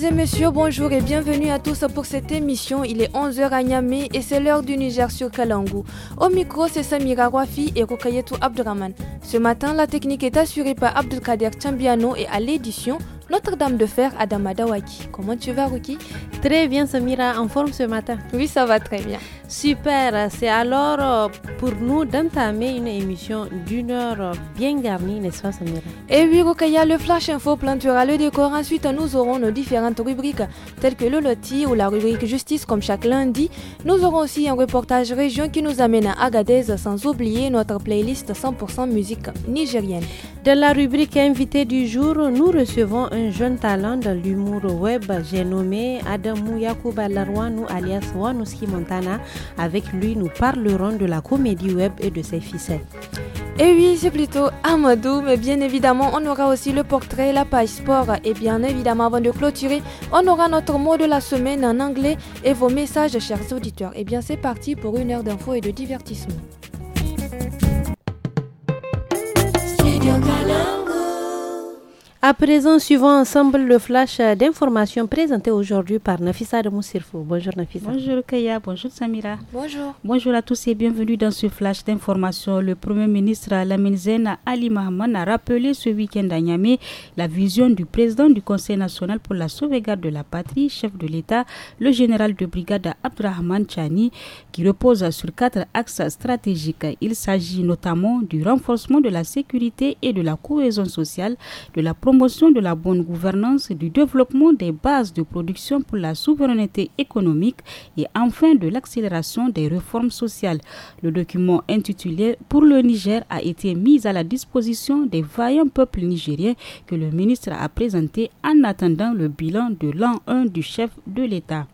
Mesdames et messieurs, bonjour et bienvenue à tous pour cette émission. Il est 11h à Niamey et c'est l'heure du Niger sur Kalangu. Au micro, c'est Samira Wafi et Rukayetu Abdraman. Ce matin, la technique est assurée par Abdelkader Chambiano et à l'édition, notre-Dame de Fer, Adama Dawaki. Comment tu vas, Ruki Très bien, Samira, en forme ce matin. Oui, ça va très bien. Super, c'est alors euh, pour nous d'entamer une émission d'une heure bien garnie, n'est-ce pas Samira Et eh oui, Rokaya, le Flash Info plantera le décor. Ensuite, nous aurons nos différentes rubriques telles que le loti ou la rubrique justice comme chaque lundi. Nous aurons aussi un reportage région qui nous amène à Agadez sans oublier notre playlist 100% musique nigérienne. Dans la rubrique invité du jour, nous recevons un jeune talent de l'humour web, j'ai nommé Adamou Yakuba Larwanou alias Wanuski Montana. Avec lui, nous parlerons de la comédie web et de ses ficelles. Et oui, c'est plutôt Amadou, mais bien évidemment, on aura aussi le portrait, la page sport. Et bien évidemment, avant de clôturer, on aura notre mot de la semaine en anglais et vos messages, chers auditeurs. Et bien, c'est parti pour une heure d'infos et de divertissement. À présent, suivons ensemble le flash d'informations présenté aujourd'hui par Nafisa de Bonjour Nafisa. Bonjour Kaya, bonjour Samira. Bonjour. Bonjour à tous et bienvenue dans ce flash d'informations. Le Premier ministre Lamine Ali Mahman a rappelé ce week-end à Niamey la vision du président du Conseil national pour la sauvegarde de la patrie, chef de l'État, le général de brigade Abdrahman Chani, qui repose sur quatre axes stratégiques. Il s'agit notamment du renforcement de la sécurité et de la cohésion sociale, de la promotion de la bonne gouvernance, du développement des bases de production pour la souveraineté économique et enfin de l'accélération des réformes sociales. Le document intitulé Pour le Niger a été mis à la disposition des vaillants peuples nigériens que le ministre a présenté en attendant le bilan de l'an 1 du chef de l'État.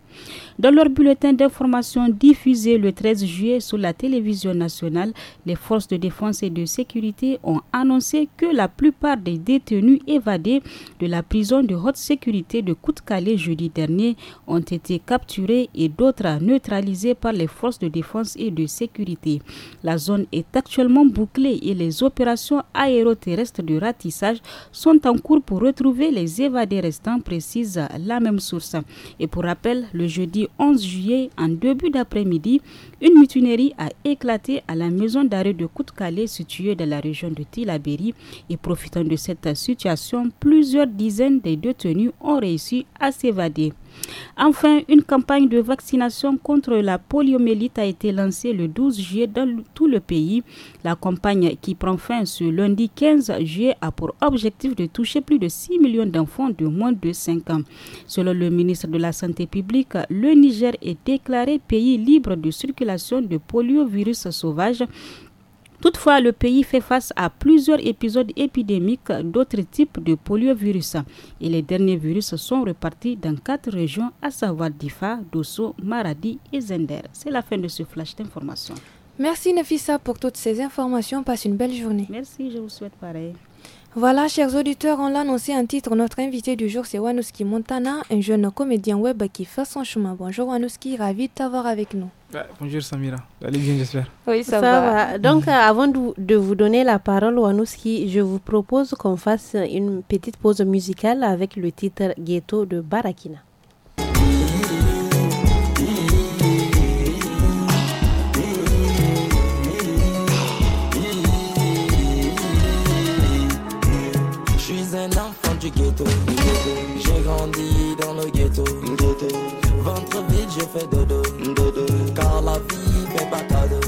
Dans leur bulletin d'information diffusé le 13 juillet sur la télévision nationale, les forces de défense et de sécurité ont annoncé que la plupart des détenus évadés de la prison de haute sécurité de Koutkalé jeudi dernier ont été capturés et d'autres neutralisés par les forces de défense et de sécurité. La zone est actuellement bouclée et les opérations aéroterrestres de ratissage sont en cours pour retrouver les évadés restants, précise la même source. Et pour rappel, le jeudi 11 juillet, en début d'après-midi, une mutinerie a éclaté à la maison d'arrêt de côte calais située dans la région de Tilabéry. Et profitant de cette situation, plusieurs dizaines de détenus ont réussi à s'évader. Enfin, une campagne de vaccination contre la poliomyélite a été lancée le 12 juillet dans tout le pays. La campagne qui prend fin ce lundi 15 juillet a pour objectif de toucher plus de 6 millions d'enfants de moins de 5 ans. Selon le ministre de la Santé publique, le Niger est déclaré pays libre de circulation de poliovirus sauvage Toutefois, le pays fait face à plusieurs épisodes épidémiques d'autres types de poliovirus. Et les derniers virus sont repartis dans quatre régions, à savoir Difa, Dosso, Maradi et Zender. C'est la fin de ce flash d'information. Merci nefissa pour toutes ces informations. Passe une belle journée. Merci, je vous souhaite pareil. Voilà, chers auditeurs, on l'a annoncé en titre. Notre invité du jour, c'est Wanouski Montana, un jeune comédien web qui fait son chemin. Bonjour Wanouski, ravi de t'avoir avec nous. Bah, bonjour Samira, allez bien j'espère. Oui, ça, va. va. Donc euh, avant de, vous donner la parole Wanouski, je vous propose qu'on fasse une petite pause musicale avec le titre Ghetto de Barakina. J'ai grandi dans le ghetto. Ventre vide, je fais dodo. Car la vie fait pas cadeau.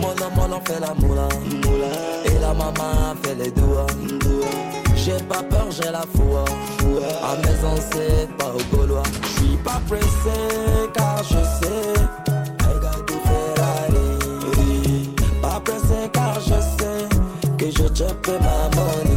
amour on fait la moula. Et la maman fait les doigts. J'ai pas peur, j'ai la foi. À maison c'est pas au Je suis pas pressé car je sais. Pas pressé car je sais que je te fais ma monnaie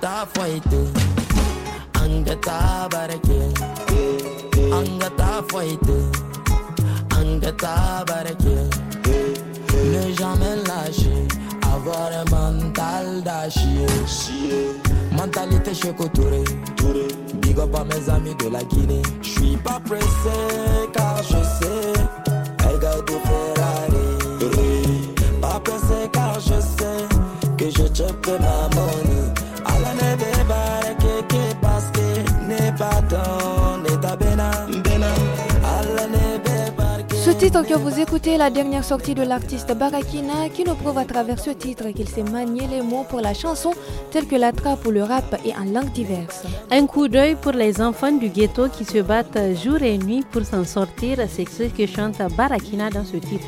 ta anga Ne jamais lâcher, avoir un mental d'acier. Mentalité chez big mes amis de la Guinée. suis pas pressé car je sais, Pas pressé car je sais que je te ma titre que vous écoutez la dernière sortie de l'artiste Barakina qui nous prouve à travers ce titre qu'il sait manier les mots pour la chanson tels que la trappe ou le rap et en langue diverse. Un coup d'œil pour les enfants du ghetto qui se battent jour et nuit pour s'en sortir, c'est ce que chante Barakina dans ce titre.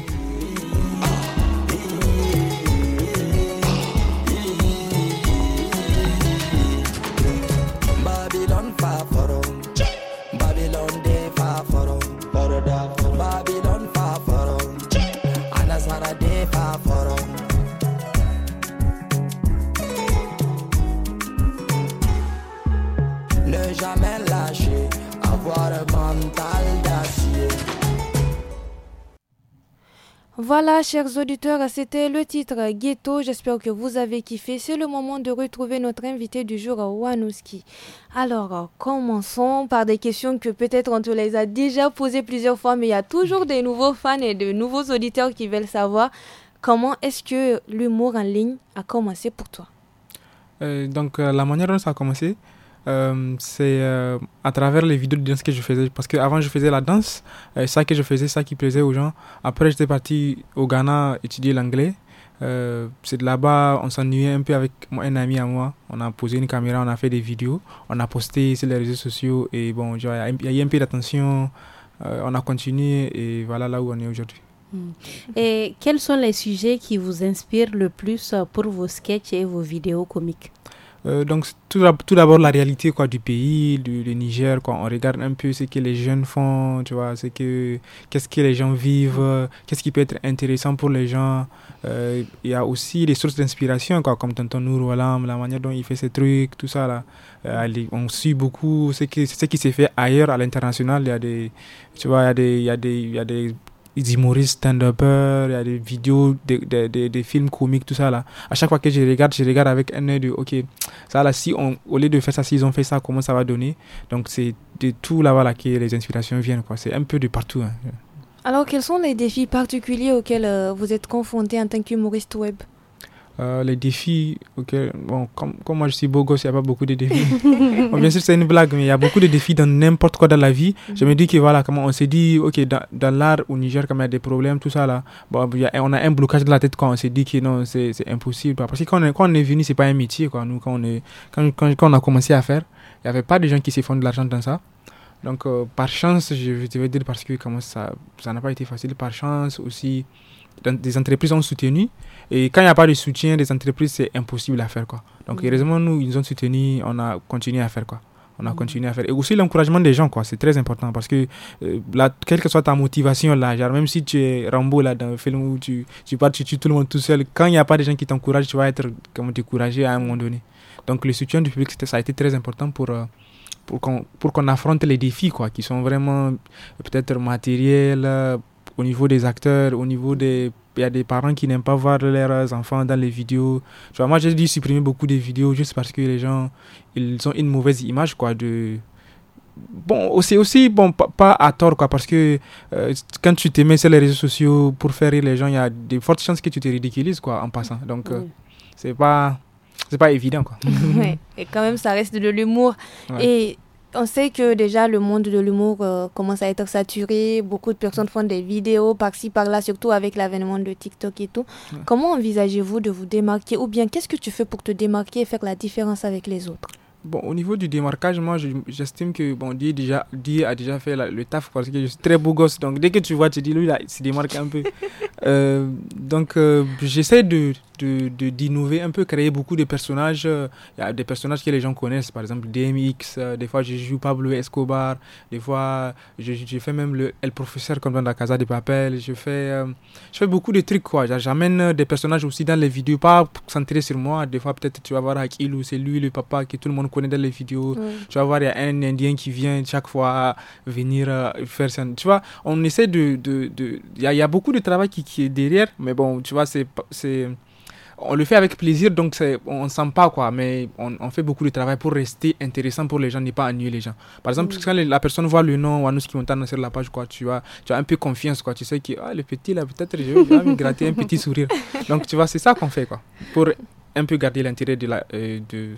Voilà, chers auditeurs, c'était le titre Ghetto. J'espère que vous avez kiffé. C'est le moment de retrouver notre invité du jour, Wanouski. Alors, commençons par des questions que peut-être on te les a déjà posées plusieurs fois, mais il y a toujours des nouveaux fans et de nouveaux auditeurs qui veulent savoir comment est-ce que l'humour en ligne a commencé pour toi. Euh, donc, euh, la manière dont ça a commencé, euh, c'est euh, à travers les vidéos de danse que je faisais. Parce qu'avant, je faisais la danse, C'est euh, ça que je faisais, ça qui plaisait aux gens. Après, j'étais parti au Ghana étudier l'anglais. c'est de là-bas, on s'ennuyait un peu avec un ami à moi. On a posé une caméra, on a fait des vidéos, on a posté sur les réseaux sociaux et bon, il y a eu un peu d'attention. on a continué et voilà là où on est aujourd'hui. Hmm. Et quels sont les sujets qui vous inspirent le plus pour vos sketchs et vos vidéos comiques euh, donc tout, tout d'abord la réalité quoi du pays, du, Niger quoi. On regarde un peu ce que les jeunes font, tu vois, ce que qu'est-ce que les gens vivent, mm. qu'est-ce qui peut être intéressant pour les gens. Euh, il y a aussi les sources d'inspiration quoi, comme Tonton Nour la manière dont il fait ses trucs, tout ça là. Euh, on suit beaucoup ce qui ce qui s'est fait ailleurs à l'international. Il y a des tu vois, des y a des il y a des dit humoristes stand up euh, il y a des vidéos, des, des, des, films comiques, tout ça là. À chaque fois que je regarde, je regarde avec un œil de ok, ça là, si on, au lieu de faire ça, s'ils ont fait ça, comment ça va donner Donc c'est de tout là-bas là que les inspirations viennent, quoi. C'est un peu de partout. Hein. Alors, quels sont les défis particuliers auxquels euh, vous êtes confronté en tant qu'humoriste web euh, les défis ok bon, comme, comme, moi je suis beau gosse, il n'y a pas beaucoup de défis. bien sûr, c'est une blague, mais il y a beaucoup de défis dans n'importe quoi dans la vie. Mm-hmm. Je me dis que voilà, comment on s'est dit, ok, dans, dans l'art au Niger, quand il y a des problèmes, tout ça là, bon, on a un blocage de la tête quand on s'est dit que non, c'est impossible. Parce que quand on, quand on est venu, c'est pas un métier, quoi. Nous, quand on, est, quand, quand, on a commencé à faire, il n'y avait pas de gens qui se font de l'argent dans ça. Donc, euh, par chance, je, vais vais dire parce que comment ça n'a pas été facile, par chance aussi, des entreprises ont soutenu. Et quand il n'y a pas de soutien des entreprises, c'est impossible à faire. Quoi. Donc, mm. heureusement, nous, ils nous ont soutenus, on a continué à faire. Quoi. On a mm. continué à faire. Et aussi l'encouragement des gens, quoi. C'est très important parce que, euh, là, quelle que soit ta motivation, là, même si tu es Rambo, là, dans un film où tu, tu pars, tu tues tout le monde tout seul, quand il n'y a pas de gens qui t'encouragent, tu vas être comme découragé à un moment donné. Donc, le soutien du public, ça a été très important pour. Euh, pour qu'on affronte les défis quoi, qui sont vraiment peut-être matériels, euh, au niveau des acteurs, au niveau des il y a des parents qui n'aiment pas voir leurs enfants dans les vidéos. moi, j'ai dû supprimer beaucoup de vidéos juste parce que les gens, ils ont une mauvaise image, quoi, de... Bon, c'est aussi, bon, pas à tort, quoi, parce que euh, quand tu t'es sur les réseaux sociaux pour faire rire les gens, il y a de fortes chances que tu te ridiculises, quoi, en passant. Donc, euh, c'est pas... C'est pas évident, quoi. Et quand même, ça reste de l'humour. Et on sait que déjà le monde de l'humour euh, commence à être saturé, beaucoup de personnes font des vidéos par-ci, par-là, surtout avec l'avènement de TikTok et tout. Comment envisagez-vous de vous démarquer ou bien qu'est-ce que tu fais pour te démarquer et faire la différence avec les autres Bon, au niveau du démarquage, moi, j'estime que bon, Dieu, déjà, a déjà fait le taf parce que je suis très beau gosse. Donc, dès que tu vois, tu dis, lui, là, il se démarque un peu. Euh, donc, euh, j'essaie de, d'innover de, un peu, créer beaucoup de personnages. Il y a des personnages que les gens connaissent, par exemple DMX, euh, des fois je joue Pablo Escobar, des fois je, je fais même le Professeur comme dans la Casa de Papel, je fais, euh, je fais beaucoup de trucs quoi. J'amène euh, des personnages aussi dans les vidéos, pas centrés sur moi. Des fois peut-être tu vas voir Akil ou c'est lui le papa que tout le monde connaît dans les vidéos. Tu vas voir, il y a un Indien qui vient chaque fois venir faire ça. Tu vois, on essaie de... Il y, a, y a beaucoup de travail qui, qui est derrière, mais bon, tu vois, c'est on le fait avec plaisir, donc on ne sent pas quoi, mais on, fait beaucoup de travail pour rester intéressant pour les gens, ne pas ennuyer les gens. Par exemple, mm. quand la personne voit le nom Wanous qui monte sur la page, quoi, tu, as, tu as un peu confiance, quoi, tu sais que ah, le petit là, peut-être je vais me gratter un petit sourire. Donc tu vois, c'est ça qu'on fait quoi, pour un peu garder l'intérêt de euh, de,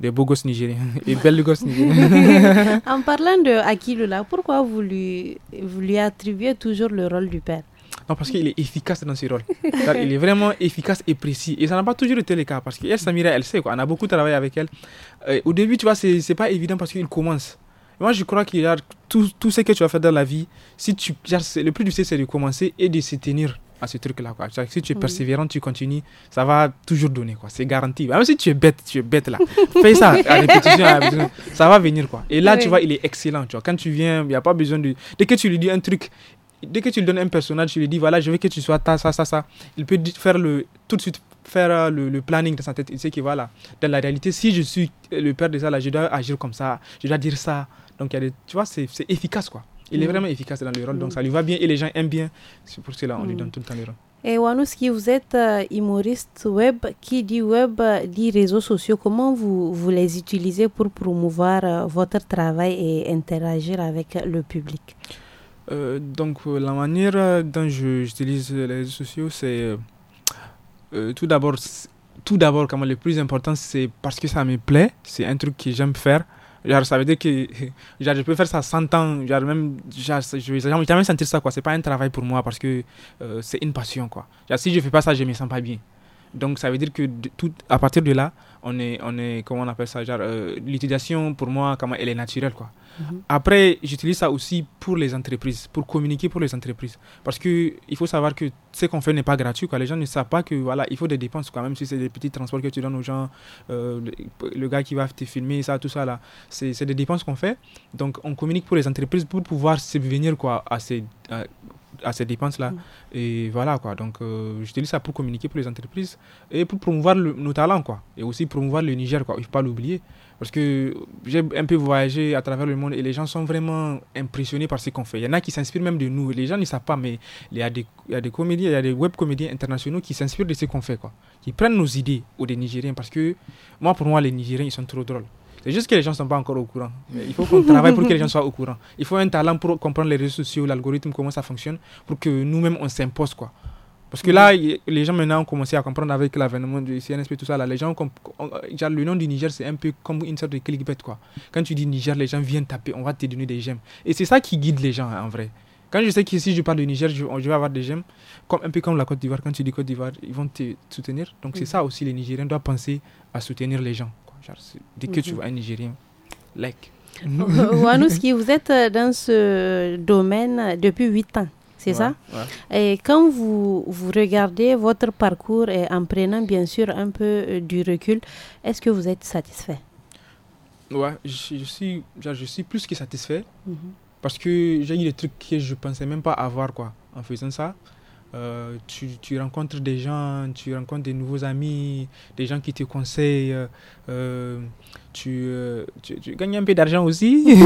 des beaux gosses nigériens et belles gosses nigériens. en parlant de Akilula, pourquoi vous lui, vous lui attribuez toujours le rôle du père non, parce qu'il est efficace dans ses rôles. il est vraiment efficace et précis. Et ça n'a pas toujours été le cas parce qu'elle, Samira, elle sait quoi. On a beaucoup travaillé avec elle. Euh, au début, tu vois, c'est pas évident parce qu'il commence. Moi, je crois qu'il a tout, tout, ce que tu vas faire dans la vie. Si tu, le plus difficile, c'est de commencer et de se tenir à ce truc-là. Quoi. Si tu es persévérant, tu continues, ça va toujours donner. Quoi. C'est garanti. Même si tu es bête, tu es bête là. Fais ça à répétition, ça va venir. Quoi. Et là, tu vois, il est excellent. Tu vois. Quand tu viens, il n'y a pas besoin de. Dès que tu lui dis un truc, dès que tu lui donnes un personnage, tu lui dis voilà, je veux que tu sois ta, ça, ça, ça, il peut faire le, tout de suite faire euh, le, planning dans sa tête. Il sait que voilà, dans la réalité, si je suis euh, le père de ça, là, je dois agir comme ça, je dois dire ça. Donc, tu vois, c'est efficace quoi. Il est mm. vraiment efficace dans le rôle, donc ça lui va bien et les gens aiment bien. C'est pour cela on lui mm. donne tout le temps le rôle. Et Wanouski, vous êtes euh, humoriste web. Qui dit web dit réseaux sociaux. Comment vous, vous les utilisez pour promouvoir votre travail et interagir avec le public euh, donc euh, la manière dont j'utilise les réseaux sociaux, c'est euh, tout d'abord, tout d'abord, comment le plus important, c'est parce que ça me plaît, c'est un truc que j'aime faire. Genre, ça veut dire que je peux faire ça 100 ans, genre, même, je jamais sentir ça, quoi. C'est pas un travail pour moi parce que c'est une passion, quoi. si je fais pas ça, je me sens pas bien. Donc, ça veut dire que tout, à partir de là, on est, on est comment on appelle ça, genre, euh, l'utilisation pour moi, comment elle est naturelle, quoi. Mhm. Après, j'utilise ça aussi pour les entreprises, pour communiquer pour les entreprises. Parce que il faut savoir que ce qu'on fait n'est pas gratuit, quoi. Les gens ne savent pas que, voilà, il faut des dépenses, quand même si c'est des petits transports que tu donnes aux gens, euh, le gars qui va te filmer, ça, tout ça, là. C'est des dépenses qu'on fait. Donc, on communique pour les entreprises pour pouvoir subvenir, quoi, à ces, à ces dépenses-là. Mm. Et voilà, quoi. Donc, euh, j'utilise ça pour communiquer pour les entreprises et pour promouvoir nos talents, quoi. Et aussi promouvoir le Niger, quoi. Il ne faut pas l'oublier. Parce que j'ai un peu voyagé à travers le monde et les gens sont vraiment impressionnés par ce qu'on fait. Il y en a qui s'inspirent même de nous. Les gens ne savent pas, mais il y a des, il y a des comédiens, il y a des web comédiens internationaux qui s'inspirent de ce qu'on fait, quoi. Qui prennent nos idées ou des Nigériens. Parce que, moi, pour moi, les Nigériens, ils sont trop drôles. C'est juste que les gens ne sont pas encore au courant. il faut qu'on travaille pour que les gens soient au courant. Il faut un talent pour comprendre les réseaux sociaux, l'algorithme, comment ça fonctionne, pour que nous-mêmes, on s'impose, quoi. Parce que là, mm. les gens maintenant ont commencé à comprendre avec l'avènement du CNSP, tout ça. Là, les gens, euh, le nom du Niger, c'est un peu comme une sorte de clickbait. Quoi. Quand tu dis Niger, les gens viennent taper, on va te donner des j'aime. Et c'est ça qui guide les gens hein, en vrai. Quand je sais que si je parle du Niger, je, vais avoir des j'aime, comme, un peu comme la Côte d'Ivoire. Quand tu dis Côte d'Ivoire, ils vont te soutenir. Donc c'est mm. ça aussi, les Nigériens doivent penser à soutenir les gens dès que tu mhm. vois un Nigérien, like. Euh, Wanouski, vous êtes euh, dans ce domaine depuis 8 ans, c'est ça Et quand vous, regardez votre parcours et en prenant bien sûr un peu euh, du recul, est-ce que vous êtes satisfait Ouais, je, suis, je suis plus que satisfait mhm. parce que j'ai eu des trucs que je ne pensais même pas avoir quoi, en faisant ça. Euh, tu, tu, rencontres des gens, tu rencontres des nouveaux amis, des gens qui te conseillent, euh, euh, tu, tu, gagnes un peu d'argent aussi.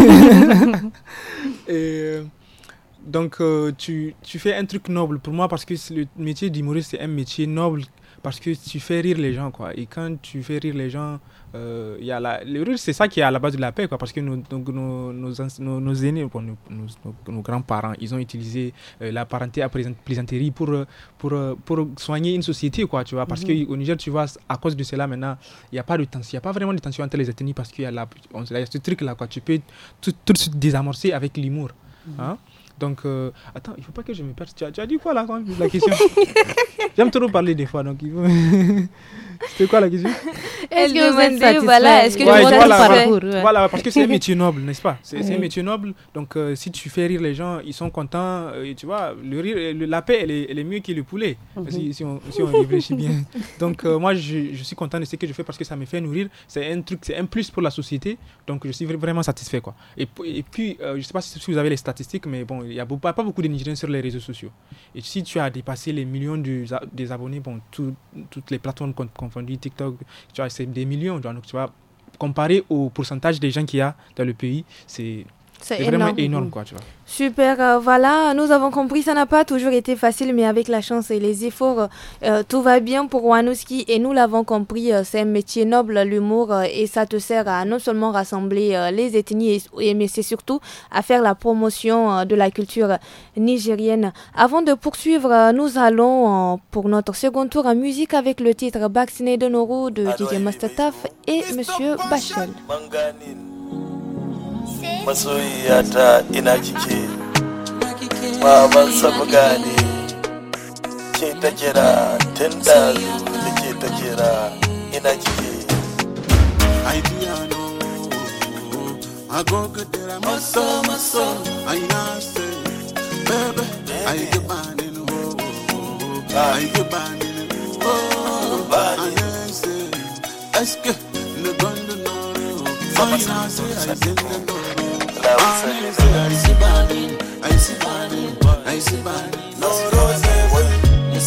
donc tu, fais un truc noble pour moi parce que le métier d'humoriste c'est un métier noble parce que tu fais rire les gens quoi. Et quand tu fais rire les gens, euh, y a la, c'est ça qui est à la base de la paix, quoi, parce que nos, nos, nos, aînés, nos, grands-parents, ils ont utilisé euh, la parenté à plaisanterie pour, euh, pour, euh, pour soigner une société, quoi, tu vois, parce mhm. que au qu'au Niger, tu vois, à cause de cela, maintenant, il n'y a pas de tension, il a pas vraiment de tension entre les ethnies, parce qu'il y, a ce truc-là, quoi, tu peux tout, de suite désamorcer avec l'humour. Mhm. Hein. Donc, attends, il ne faut pas que je me perde. Tu as, dit quoi là, quand la question J'aime trop parler des fois, donc il c'était quoi la question Est-ce que vous êtes satisfait Voilà, est-ce que voilà, parce que c'est un métier noble, n'est-ce pas C'est un métier noble. Donc, euh, si tu fais rire les gens, ils sont contents. Euh, tu vois, le rire, euh, la paix, elle est, mieux que le poulet, mhm. si, on, si, on, réfléchit bien. Donc, moi, je, suis content de ce que je fais parce que ça me fait nourrir. C'est un truc, c'est un plus pour la société. Donc, je suis vraiment satisfait, quoi. Et, et puis, je sais pas si, vous avez les statistiques, mais bon, il n'y a pas, beaucoup de Nigériens sur les réseaux sociaux. Et si tu as dépassé les millions de, des abonnés, bon, toutes les plateformes comptent vendu TikTok, tu vois, c'est des millions. Donc, tu vois, comparé au pourcentage des gens qu'il y a dans le pays, c'est c'est vraiment énorme, Super, euh, voilà, nous avons compris, ça n'a pas toujours été facile, mais avec la chance et les efforts, euh, euh, tout va bien pour Wanouski et nous l'avons compris, c'est un métier noble, l'humour, et ça te sert à non seulement rassembler les ethnies, mais c'est surtout à faire la promotion de la culture nigérienne. Avant de poursuivre, nous allons pour notre second tour en musique avec le titre Baxine de Noro ah, de DJ Mastataf et Monsieur Bachel. masoyiyata ina kike maman sabu gane ke ta kira tun da ke ta kira ina kike tera maso maso aina se bebe ayi ke bani nu ho ayi ke bani nu eske ne gondo no aina se ayi se that we said I see burning, I see I see No roses, I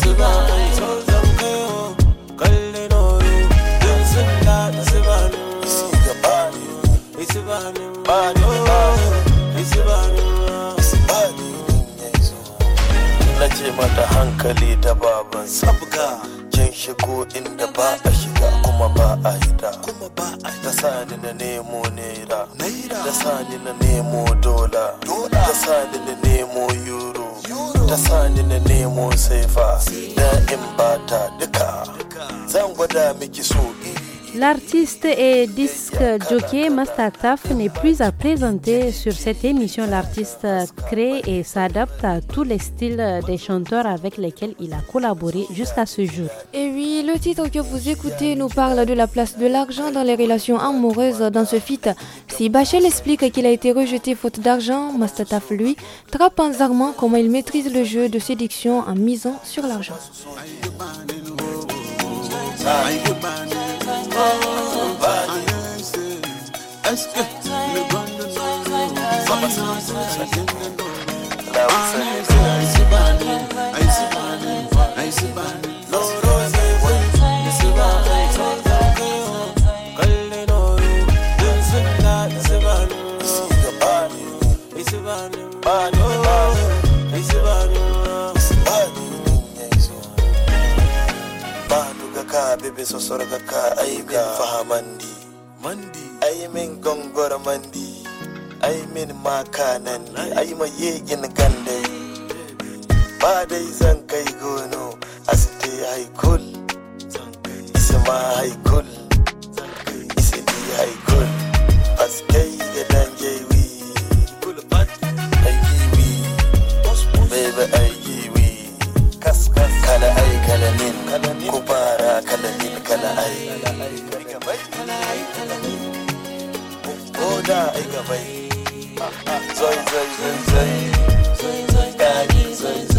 see mata hankali da baban sabga. shigo inda ba a shiga kuma ba a hita kuma ta sani na nemo naira naira ta sani na nemo dola dola ta sani na nemo euro euro ta sani na nemo saifa da in bata duka zan gwada miki so L'artiste et disque jockey Mastataf n'est plus à présenter sur cette émission. L'artiste crée et s'adapte à tous les styles des chanteurs avec lesquels il a collaboré jusqu'à ce jour. Et oui, le titre que vous écoutez nous parle de la place de l'argent dans les relations amoureuses dans ce feat. Si Bachel explique qu'il a été rejeté faute d'argent, Mastataf, lui, trappe en zarmant comment il maîtrise le jeu de séduction en misant sur l'argent. Est-ce que le bon de nos bi so sorga ka ai min fahamandi mandi ai min gongor mandi ai min maka nan ai ma yegin gande ba dai zan kai gono asite hai kul isma hai kul isidi hai kul askai ga dangewi kul pat ai kiwi baby ai kalamin kubara kalamin kala'ai koda ai gabai ah, ah, zoi zoi zoi zoi zoi zoi zoi zoi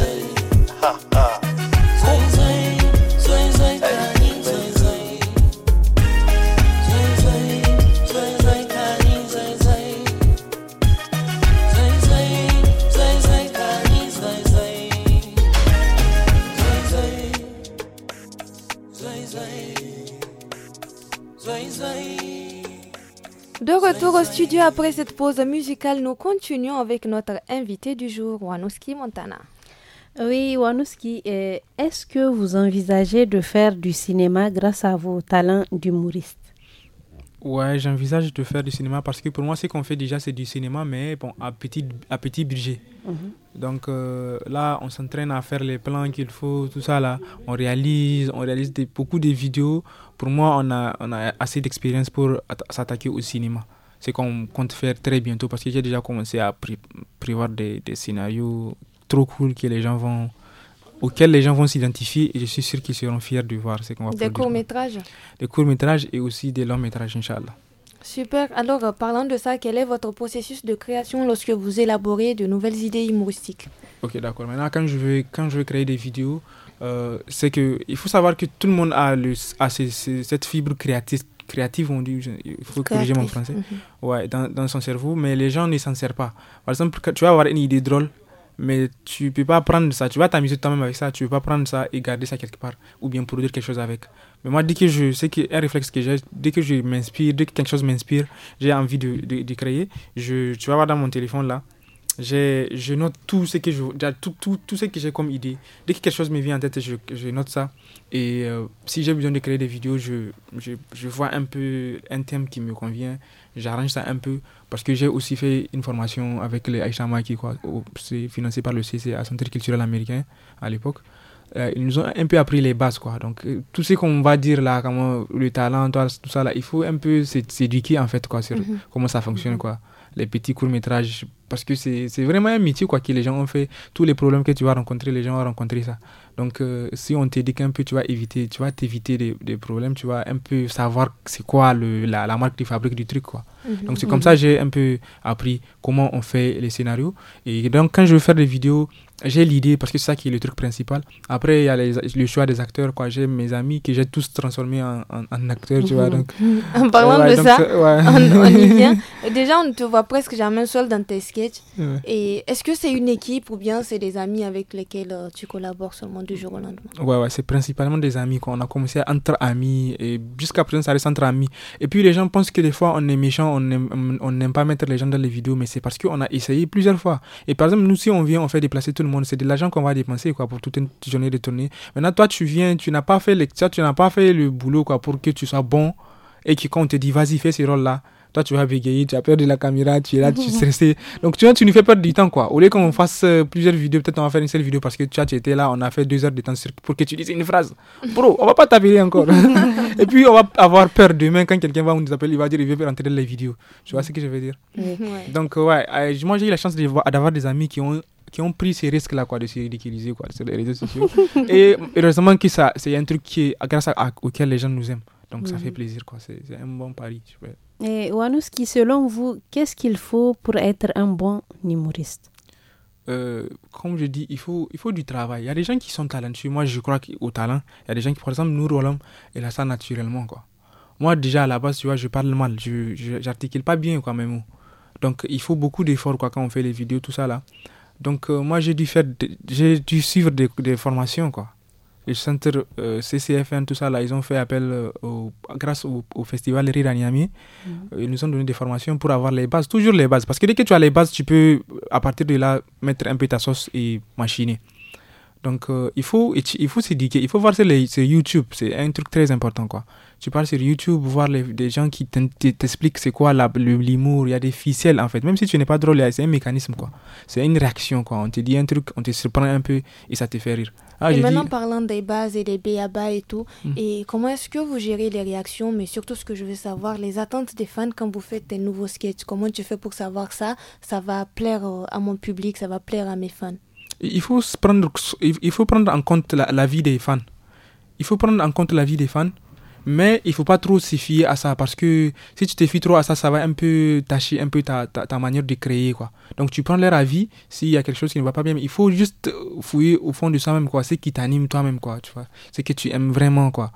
après cette pause musicale, nous continuons avec notre invité du jour, Wanouski Montana. Oui, Wanouski, eh, est-ce que vous envisagez de faire du cinéma grâce à vos talents d'humoriste Ouais, j'envisage de faire du cinéma parce que pour moi, ce qu'on fait déjà, c'est du cinéma, mais bon, à petit, à petit budget. Mhm. Donc euh, là, on s'entraîne à faire les plans qu'il faut, tout ça là. On réalise, on réalise beaucoup de vidéos. Pour moi, on a, on a assez d'expérience pour s'attaquer au cinéma ce qu'on compte faire très bientôt parce que j'ai déjà commencé à prévoir des, scénarios trop cool que les gens vont auxquels les gens vont s'identifier et je suis sûr qu'ils seront fiers de voir ce qu'on va Des courts-métrages Des courts-métrages et aussi des longs-métrages, Inch'Allah. Super. Alors, euh, parlant de ça, quel est votre processus de création lorsque vous élaborez de nouvelles idées humoristiques Ok, d'accord. Maintenant, quand je veux, quand je créer des vidéos, euh, c'est que il faut savoir que tout le monde a, cette fibre créatrice, créative, on dit, il faut corriger mon français, mhm. ouais, dans, dans, son cerveau, mais les gens ne s'en servent pas. Par exemple, tu vas avoir une idée drôle, mais tu ne peux pas prendre ça, tu vas t'amuser toi-même avec ça, tu ne peux pas prendre ça et garder ça quelque part, ou bien produire quelque chose avec. Mais moi, dès que je sais qu'un réflexe que j'ai, dès que je m'inspire, dès que quelque chose m'inspire, j'ai envie de, de, de, créer, je, tu vas voir dans mon téléphone là, je note tout ce que je tout, tout, tout ce que j'ai comme idée dès que quelque chose me vient en tête je, note ça et euh, si j'ai besoin de créer des vidéos je, je, vois un peu un thème qui me convient j'arrange ça un peu parce que j'ai aussi fait une formation avec les Aisha Maki quoi c'est financé par le CCA Centre culturel américain à l'époque euh, ils nous ont un peu appris les bases quoi donc euh, tout ce qu'on va dire là comment le talent tout ça là il faut un peu s'éduquer en fait quoi sur mhm. comment ça fonctionne quoi les petits courts métrages parce que c'est vraiment un métier quoi, que les gens ont fait. Tous les problèmes que tu vas rencontrer, les gens vont rencontrer ça. Donc, euh, si on t'éduque un peu, tu vas éviter, tu vas t'éviter des, des, problèmes, tu vas un peu savoir c'est quoi le, la, marque qui fabrique du truc. Quoi. Mhm. donc, c'est comme mhm. ça j'ai un peu appris comment on fait les scénarios. Et donc, quand je veux faire des vidéos, j'ai l'idée parce que c'est ça qui est le truc principal. Après, il y a le choix des acteurs. Quoi. J'ai mes amis que j'ai tous transformés en, en, en acteurs, tu vois. Donc, en parlant de ça, on, on y vient. Déjà, on ne te voit presque jamais seul dans tes et est-ce que c'est une équipe ou bien c'est des amis avec lesquels euh, tu collabores seulement du jour au lendemain Ouais, ouais, c'est principalement des amis. Quoi. On a commencé entre amis et jusqu'à présent, ça reste entre amis. Et puis les gens pensent que des fois, on est méchant, on n'aime pas mettre les gens dans les vidéos, mais c'est parce qu'on a essayé plusieurs fois. Et par exemple, nous, si on vient, on fait déplacer tout le monde, c'est de l'argent qu'on va dépenser quoi, pour toute une journée de tournée. Maintenant, toi, tu viens, tu n'as pas fait le, tu n'as pas fait le boulot quoi, pour que tu sois bon et qui quand on te dit vas-y, fais ce rôle-là toi, tu vas bégayer, tu as peur de la caméra, tu es là, tu es stressé. Donc, tu vois, tu nous fais perdre du temps, quoi. Au lieu qu'on fasse euh, plusieurs vidéos, peut-être on va faire une seule vidéo parce que tu, as tu étais là, on a fait deux heures de temps pour que tu dises une phrase. Bro, on va pas t'appeler encore. Et puis, on va avoir peur demain quand quelqu'un va nous appeler, il va dire, il veut rentrer dans les vidéos. Tu vois ce que je veux dire? Donc, euh, ouais, euh, moi, j'ai eu la chance d'avoir des amis qui ont qui ont pris ces risques-là, quoi, de se ridiculiser, quoi, sur les réseaux sociaux. et heureusement que ça, c'est un truc qui est, grâce auquel les gens nous aiment. Donc, ça fait plaisir, quoi. C'est un bon pari, tu vois. Et Wanouski, selon vous, qu'est-ce qu'il faut pour être un bon humoriste euh, comme je dis, il faut, il faut du travail. Il y a des gens qui sont talentueux. Moi, je crois au talent. Il y a des gens qui, par exemple, nous, Roland, et là ça naturellement. Quoi. Moi, déjà, à la base, tu vois, je parle mal. Je n'articule pas bien quand même. Donc, il faut beaucoup d'efforts quoi, quand on fait les vidéos, tout ça. là. Donc, euh, moi, j'ai dû, faire, j'ai dû suivre des, des formations. quoi le centre euh, CCFN, tout ça, là, ils ont fait appel euh, grâce au, festival Riraniami. Mhm. Ils nous ont donné des formations pour avoir les bases, toujours les bases. Parce que dès que tu as les bases, tu peux, à partir de là, mettre un peu ta sauce et machiner. Donc, euh, il faut il faut s'éduquer. Il faut voir sur, YouTube. C'est un truc très important, quoi. Tu parles sur YouTube, voir les, des gens qui t'expliquent c'est quoi l'humour. Il y a des ficelles, en fait. Même si tu n'es pas drôle, c'est un mécanisme, quoi. C'est une réaction, quoi. On te dit un truc, on te surprend un peu et ça te fait rire. Ah, et maintenant, parlant des bases et des béabas et tout, hmm. et comment est-ce que vous gérez les réactions, mais surtout ce que je veux savoir, les attentes des fans quand vous faites des nouveaux sketchs Comment tu fais pour savoir ça Ça va plaire euh, à mon public, ça va plaire à mes fans il faut prendre, il faut prendre en compte la, vie des fans. Il faut prendre en compte la vie des fans, mais il faut pas trop se fier à ça parce que si tu te fies trop à ça, ça va un peu tâcher un peu ta, ta, manière de créer quoi. Donc tu prends leur avis s'il y a quelque chose qui ne va pas bien, il faut juste fouiller au fond de soi-même quoi, ce qui t'anime toi-même quoi, tu vois, ce que tu aimes vraiment quoi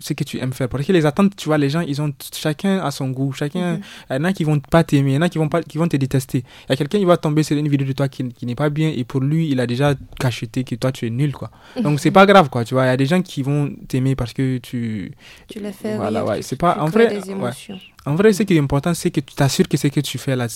ce que tu aimes faire. Parce que les attentes, tu vois, les gens, ils ont chacun à son goût. Chacun, mhm. il y en a qui vont pas t'aimer, il y en a qui vont pas, qui vont te détester. Il y a quelqu'un, qui va tomber sur une vidéo de toi qui, qui n'est pas bien et pour lui, il a déjà cacheté que toi, tu es nul, quoi. Mhm. Donc, c'est pas grave, quoi, tu vois. Il y a des gens qui vont t'aimer parce que tu. Tu le fais Voilà, ouais. C'est pas. En vrai, en vrai, ce qui est important, c'est que tu t'assures que ce que tu fais là,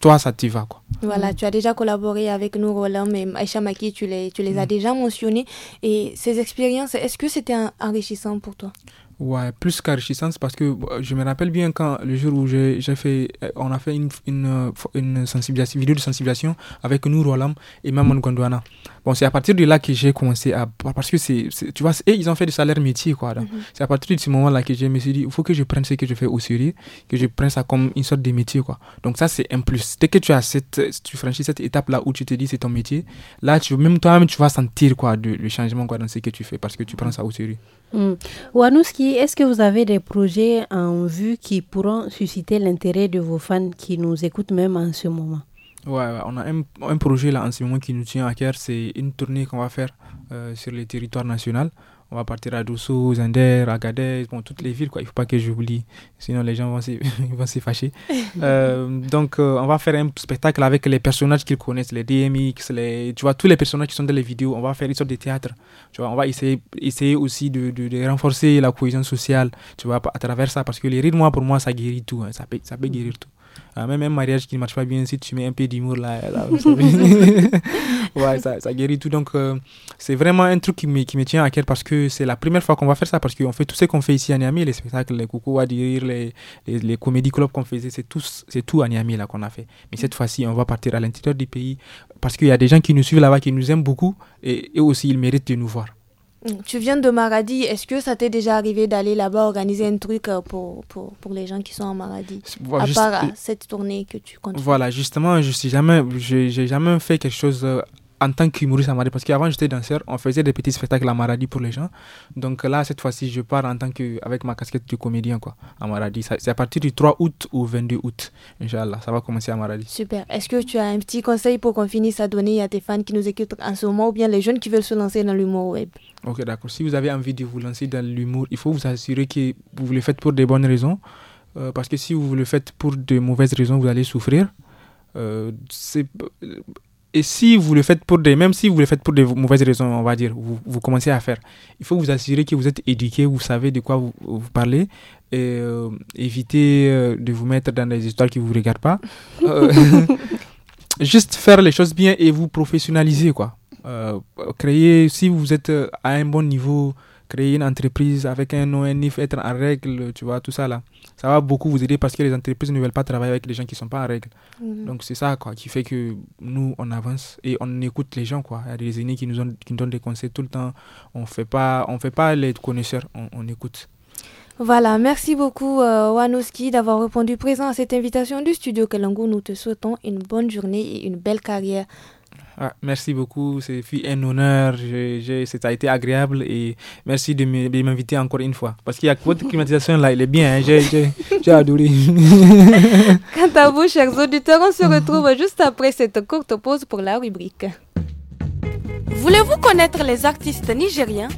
toi, ça t'y va. Quoi. Voilà, tu as déjà collaboré avec nous, Roland mais Aïcha Maki, tu les, tu les as mm. déjà mentionnés. Et ces expériences, est-ce que c'était enrichissant pour toi Ouais, plus qu'enrichissante parce que euh, je me rappelle bien quand le jour où j'ai fait, euh, on a fait une, une, euh, une sensibilisation, vidéo de sensibilisation avec nous, Rolam et Maman mm. Gondwana. Bon, c'est à partir de là que j'ai commencé à. Parce que c'est. Tu vois, et eh, ils ont fait du salaire métier, quoi. Mm-hmm. C'est à partir de ce moment-là que je me suis dit, il faut que je prenne ce que je fais au sérieux, que je prenne ça comme une sorte de métier, quoi. Donc, ça, c'est un plus. Dès que tu as cette. Tu franchis cette étape-là où tu te dis, c'est ton métier, là, tu, même toi-même, tu vas sentir, quoi, le changement, quoi, dans ce que tu fais parce que tu prends mm. ça au sérieux. Mm. Wanouski, est-ce que vous avez des projets en vue qui pourront susciter l'intérêt de vos fans qui nous écoutent même en ce moment Oui, on a un, projet là en ce moment qui nous tient à cœur, c'est une tournée qu'on va faire euh, sur les territoires national on va partir à Dosso, Zander, Agadez, bon, toutes les villes, quoi. Il ne faut pas que j'oublie, sinon les gens vont se, fâcher. Euh, donc, euh, on va faire un spectacle avec les personnages qu'ils connaissent, les DMX, tu vois, tous les personnages qui sont dans les vidéos. On va faire une sorte de théâtre, tu vois. On va essayer, essayer aussi de, renforcer la cohésion sociale, tu vois, à travers ça, parce que les rires, moi, pour moi, ça guérit tout, hein. ça, ça peut guérir tout. Euh, même un mariage qui ne marche pas bien, si tu mets un peu d'humour là, ça, guérit tout. Donc, euh, c'est vraiment un truc qui me, qui me tient à cœur parce que c'est la première fois qu'on va faire ça. Parce qu'on fait tout ce qu'on fait ici à Niamey, les spectacles, les coucou à dire, les, les, les comédies clubs qu'on faisait, c'est tout, tout à Niamey là qu'on a fait. Mais cette fois-ci, on va partir à l'intérieur du pays parce qu'il y a des gens qui nous suivent là-bas, qui nous aiment beaucoup et, et aussi ils méritent de nous voir. Mm. Tu viens de Maradi, est-ce que ça t'est déjà arrivé d'aller là-bas organiser un truc euh, pour, pour, les gens qui sont en Maradi À part euh, cette tournée que tu comptes Voilà, justement, je n'ai jamais, jamais fait quelque chose euh, en tant qu'humoriste à Maradi, parce qu'avant j'étais danseur, on faisait des petits spectacles à Maradi pour les gens. Donc là, cette fois-ci, je pars en tant que, avec ma casquette de comédien quoi, à Maradi. C'est à partir du 3 août au 22 août, Inch'Allah. Ça va commencer à Maradi. Super. Est-ce que tu as un petit conseil pour qu'on finisse à donner à tes fans qui nous écoutent en ce moment ou bien les jeunes qui veulent se lancer dans l'humour web Ok, d'accord. Si vous avez envie de vous lancer dans l'humour, il faut vous assurer que vous le faites pour des bonnes raisons. Euh, parce que si vous le faites pour de mauvaises raisons, vous allez souffrir. Euh, et si vous le faites pour des, même si vous le faites pour des mauvaises raisons, on va dire, vous, commencez à faire. Il faut vous assurer que vous êtes éduqué, vous savez de quoi vous, parlez. Euh, évitez éviter euh, de vous mettre dans des histoires qui ne vous regardent pas. Euh, juste faire les choses bien et vous professionnaliser, quoi. créer, si vous êtes à un bon niveau créer une entreprise avec un nom, un être en règle, tu vois, tout ça là. Ça va beaucoup vous aider parce que les entreprises ne veulent pas travailler avec les gens qui ne sont pas en règle. Mhm. Donc c'est ça quoi, qui fait que nous, on avance et on écoute les gens. Quoi. Il y a des aînés qui nous, donnent des conseils tout le temps. On ne fait pas les connaisseurs, on, écoute. Voilà, merci beaucoup Wanouski euh, Wanoski d'avoir répondu présent à cette invitation du studio Kalango. Nous te souhaitons une bonne journée et une belle carrière. Ah, merci beaucoup, c'est un honneur, ça a été agréable et merci de m'inviter encore une fois. Parce qu'il y a votre climatisation là, il est bien, hein. j'ai adoré. Quant à vous, chers auditeurs, on se retrouve juste après cette courte pause pour la rubrique. Voulez-vous connaître les artistes nigériens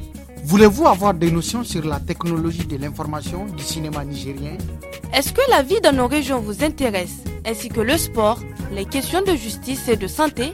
Voulez-vous avoir des notions sur la technologie de l'information du cinéma nigérien Est-ce que la vie dans nos régions vous intéresse, ainsi que le sport, les questions de justice et de santé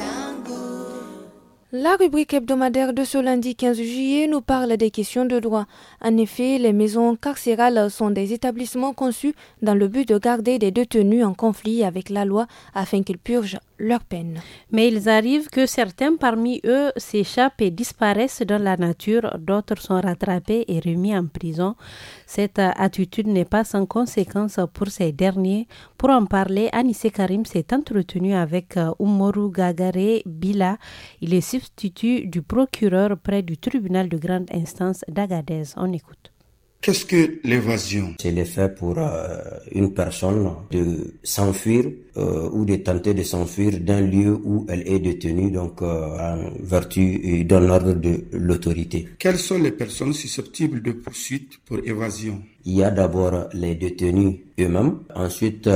La rubrique hebdomadaire de ce lundi 15 juillet nous parle des questions de droit. En effet, les maisons carcérales sont des établissements conçus dans le but de garder des détenus en conflit avec la loi afin qu'ils purgent leur peine. Mais il arrive que certains parmi eux s'échappent et disparaissent dans la nature, d'autres sont rattrapés et remis en prison. Cette attitude n'est pas sans conséquences pour ces derniers. Pour en parler, Anissé Karim s'est entretenu avec euh, Umoru Gagare Bila. Il est substitut du procureur près du tribunal de grande instance d'Agadez. On écoute. Qu'est-ce que l'évasion C'est l'effet pour euh, une personne de s'enfuir euh, ou de tenter de s'enfuir d'un lieu où elle est détenue, donc euh, en vertu d'un ordre de l'autorité. Quelles sont les personnes susceptibles de poursuite pour évasion Il y a d'abord les détenus eux-mêmes, ensuite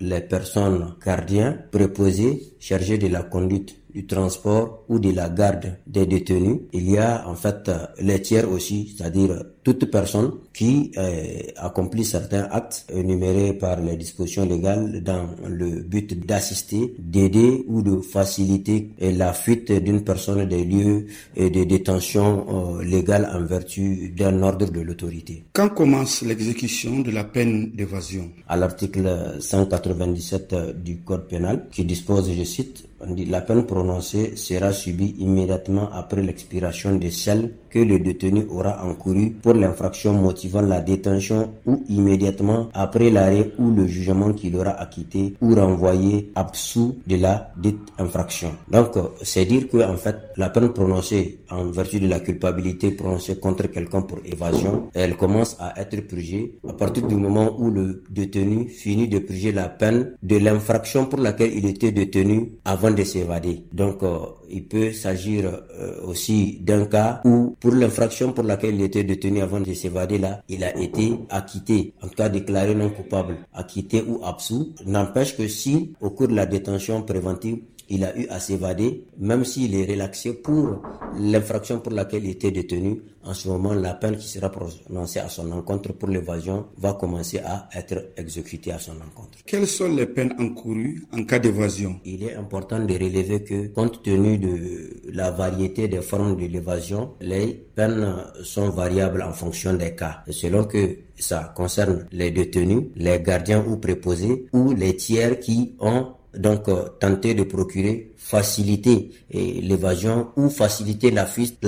les personnes gardiens préposées, chargées de la conduite du transport ou de la garde des détenus. Il y a en fait les tiers aussi, c'est-à-dire toute personne qui euh, accomplit certains actes énumérés par les dispositions légales dans le but d'assister, d'aider ou de faciliter la fuite d'une personne des lieux de détention détentions euh, légale en vertu d'un ordre de l'autorité. Quand commence l'exécution de la peine d'évasion À l'article 197 du Code pénal qui dispose, je cite, la peine prononcée sera subie immédiatement après l'expiration des celle que le détenu aura encouru pour l'infraction motivant la détention ou immédiatement après l'arrêt ou le jugement qu'il aura acquitté ou renvoyé absous de la dite infraction. Donc, c'est dire que, en fait, la peine prononcée en vertu de la culpabilité prononcée contre quelqu'un pour évasion, elle commence à être purgée à partir du moment où le détenu finit de purger la peine de l'infraction pour laquelle il était détenu avant de s'évader. Donc, euh, il peut s'agir euh, aussi d'un cas où pour l'infraction pour laquelle il était détenu avant de s'évader là, il a été acquitté, en tout cas déclaré non coupable, acquitté ou absous. N'empêche que si, au cours de la détention préventive, il a eu à s'évader, même s'il est relaxé pour l'infraction pour laquelle il était détenu. En ce moment, la peine qui sera prononcée à son encontre pour l'évasion va commencer à être exécutée à son encontre. Quelles sont les peines encourues en cas d'évasion Il est important de relever que, compte tenu de la variété des formes de l'évasion, les peines sont variables en fonction des cas. selon que ça concerne les détenus, les gardiens ou préposés ou les tiers qui ont donc euh, tenter de procurer, faciliter euh, l'évasion ou faciliter la fuite,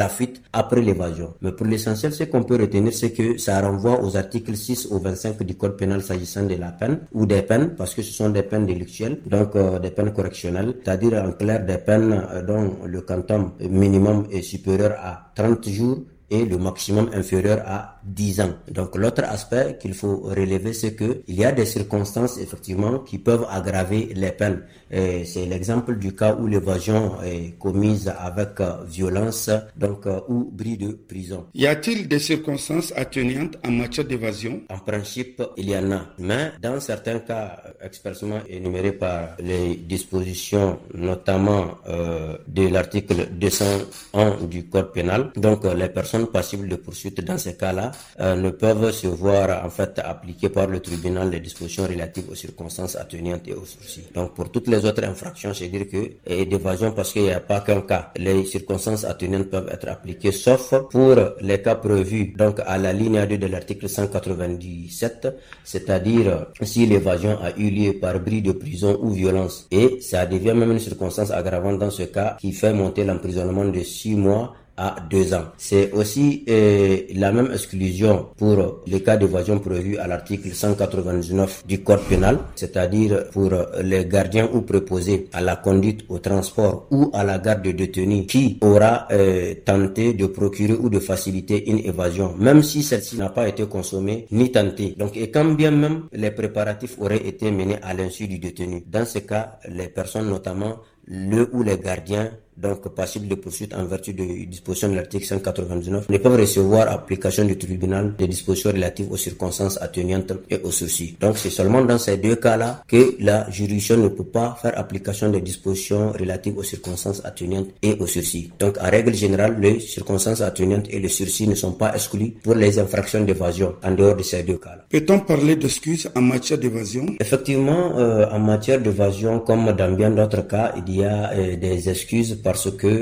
après l'évasion. Mais pour l'essentiel, ce qu'on peut retenir, c'est que ça renvoie aux articles 6 au 25 du Code pénal s'agissant de la peine ou des peines, parce que ce sont des peines délictuelles, donc euh, des peines correctionnelles, c'est-à-dire en clair des peines dont le quantum minimum est supérieur à 30 jours et le maximum inférieur à 10 ans. Donc l'autre aspect qu'il faut relever, c'est que il y a des circonstances effectivement qui peuvent aggraver les peines. C'est l'exemple du cas où l'évasion est commise avec euh, violence, donc euh, ou bris de prison. Y a-t-il des circonstances attenantes en matière d'évasion En principe, il y en a, mais dans certains cas expressement énumérées par les dispositions notamment euh, de l'article 201 du Code pénal. Donc euh, les personnes passibles de poursuite dans ces cas-là euh, ne peuvent se voir en fait appliquées par le tribunal les dispositions relatives aux circonstances attenantes et aux sourcils. Donc pour toutes les autres infractions, c'est à dire que et d'évasion parce qu'il n'y a pas qu'un cas. Les circonstances attenantes peuvent être appliquées sauf pour les cas prévus donc à la ligne 2 de l'article 197, c'est-à-dire si l'évasion a eu par bris de prison ou violence. Et ça devient même une circonstance aggravante dans ce cas qui fait monter l'emprisonnement de six mois à deux ans. C'est aussi euh, la même exclusion pour les cas d'évasion prévus à l'article 199 du Code pénal, c'est-à-dire pour les gardiens ou préposés à la conduite au transport ou à la garde de détenus qui aura euh, tenté de procurer ou de faciliter une évasion, même si celle-ci n'a pas été consommée ni tentée. Donc, et quand bien même les préparatifs auraient été menés à l'insu du détenu. Dans ce cas, les personnes, notamment le ou les gardiens, donc passibles de poursuite en vertu des dispositions de l'article 199, ne peuvent recevoir application du tribunal des dispositions relatives aux circonstances attenantes et aux sursis. Donc c'est seulement dans ces deux cas-là que la juridiction ne peut pas faire application des dispositions relatives aux circonstances attenantes et aux sursis. Donc en règle générale, les circonstances attenantes et le sursis ne sont pas exclus pour les infractions d'évasion en dehors de ces deux cas-là. Peut-on parler d'excuses en matière d'évasion Effectivement, euh, en matière d'évasion, comme dans bien d'autres cas, il y a euh, des excuses parce que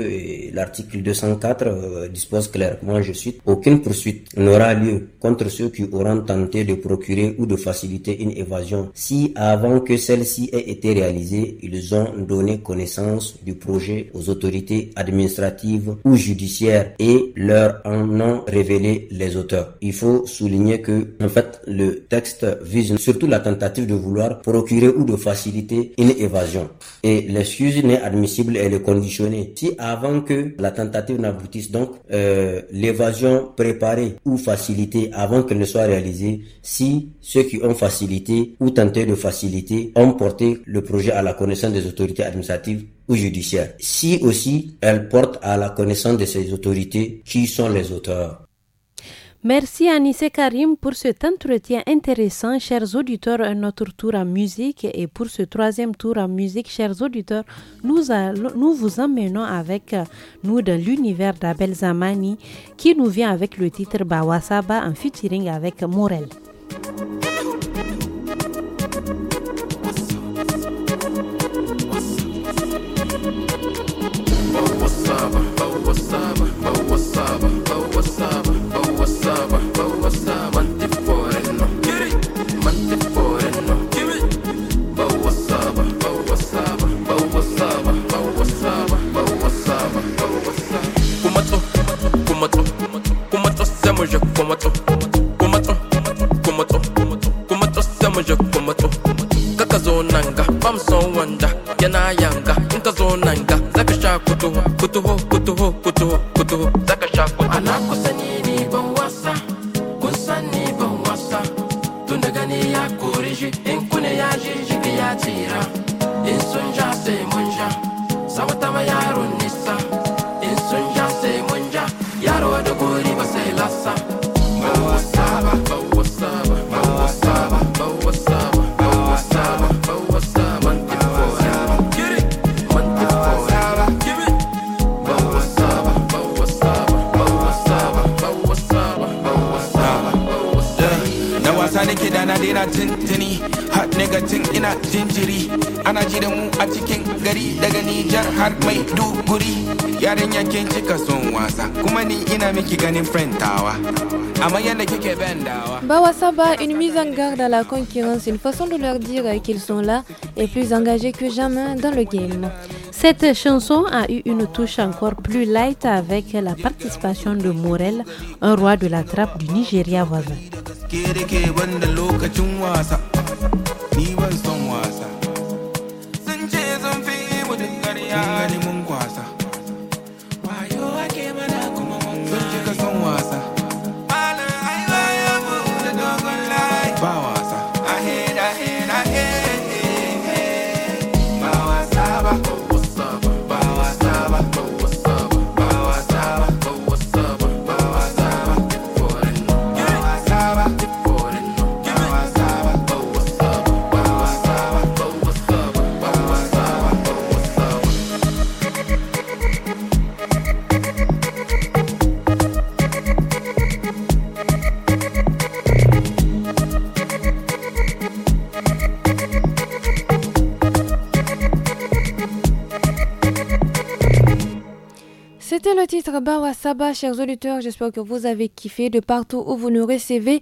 l'article 204 euh, dispose clairement, je cite, aucune poursuite n'aura lieu contre ceux qui auront tenté de procurer ou de faciliter une évasion si avant que celle-ci ait été réalisée, ils ont donné connaissance du projet aux autorités administratives ou judiciaires et leur en ont révélé les auteurs. Il faut souligner que, en fait, le texte vise surtout la tentative de vouloir procurer ou de faciliter une évasion. Et l'excuse n'est admissible et le conditions si avant que la tentative n'aboutisse. Donc, euh, l'évasion préparée ou facilitée avant qu'elle ne soit réalisée, si ceux qui ont facilité ou tenté de faciliter ont porté le projet à la connaissance des autorités administratives ou judiciaires. Si aussi elle porte à la connaissance de ces autorités qui sont les auteurs. Merci Anissé Karim pour cet entretien intéressant. Chers auditeurs, un autre tour en musique et pour ce troisième tour en musique, chers auditeurs, nous, nous vous emmenons avec euh, nous dans l'univers d'Abel Zamani qui nous vient avec le titre Bawasaba en featuring avec Morel. como yo como tú, como tú, bam wanda yana yanga in ka zaka sha kutu kutu kutu kutu kutu zaka sha kutu. Ana ni ban wasa kun ban wasa tun daga ya kore shi in kune ya jiji ya tira in sun sha sai mun sha. negatin ina jinjiri une mise en garde à la concurrence, une façon de leur dire qu'ils sont là et plus engagés que jamais dans le game. Cette chanson a eu une touche encore plus light avec la participation de Morel, un roi de la trappe du Nigeria voisin. son wasa sun ce sun fi gudun titre Bawa Saba, chers auditeurs, j'espère que vous avez kiffé de partout où vous nous recevez.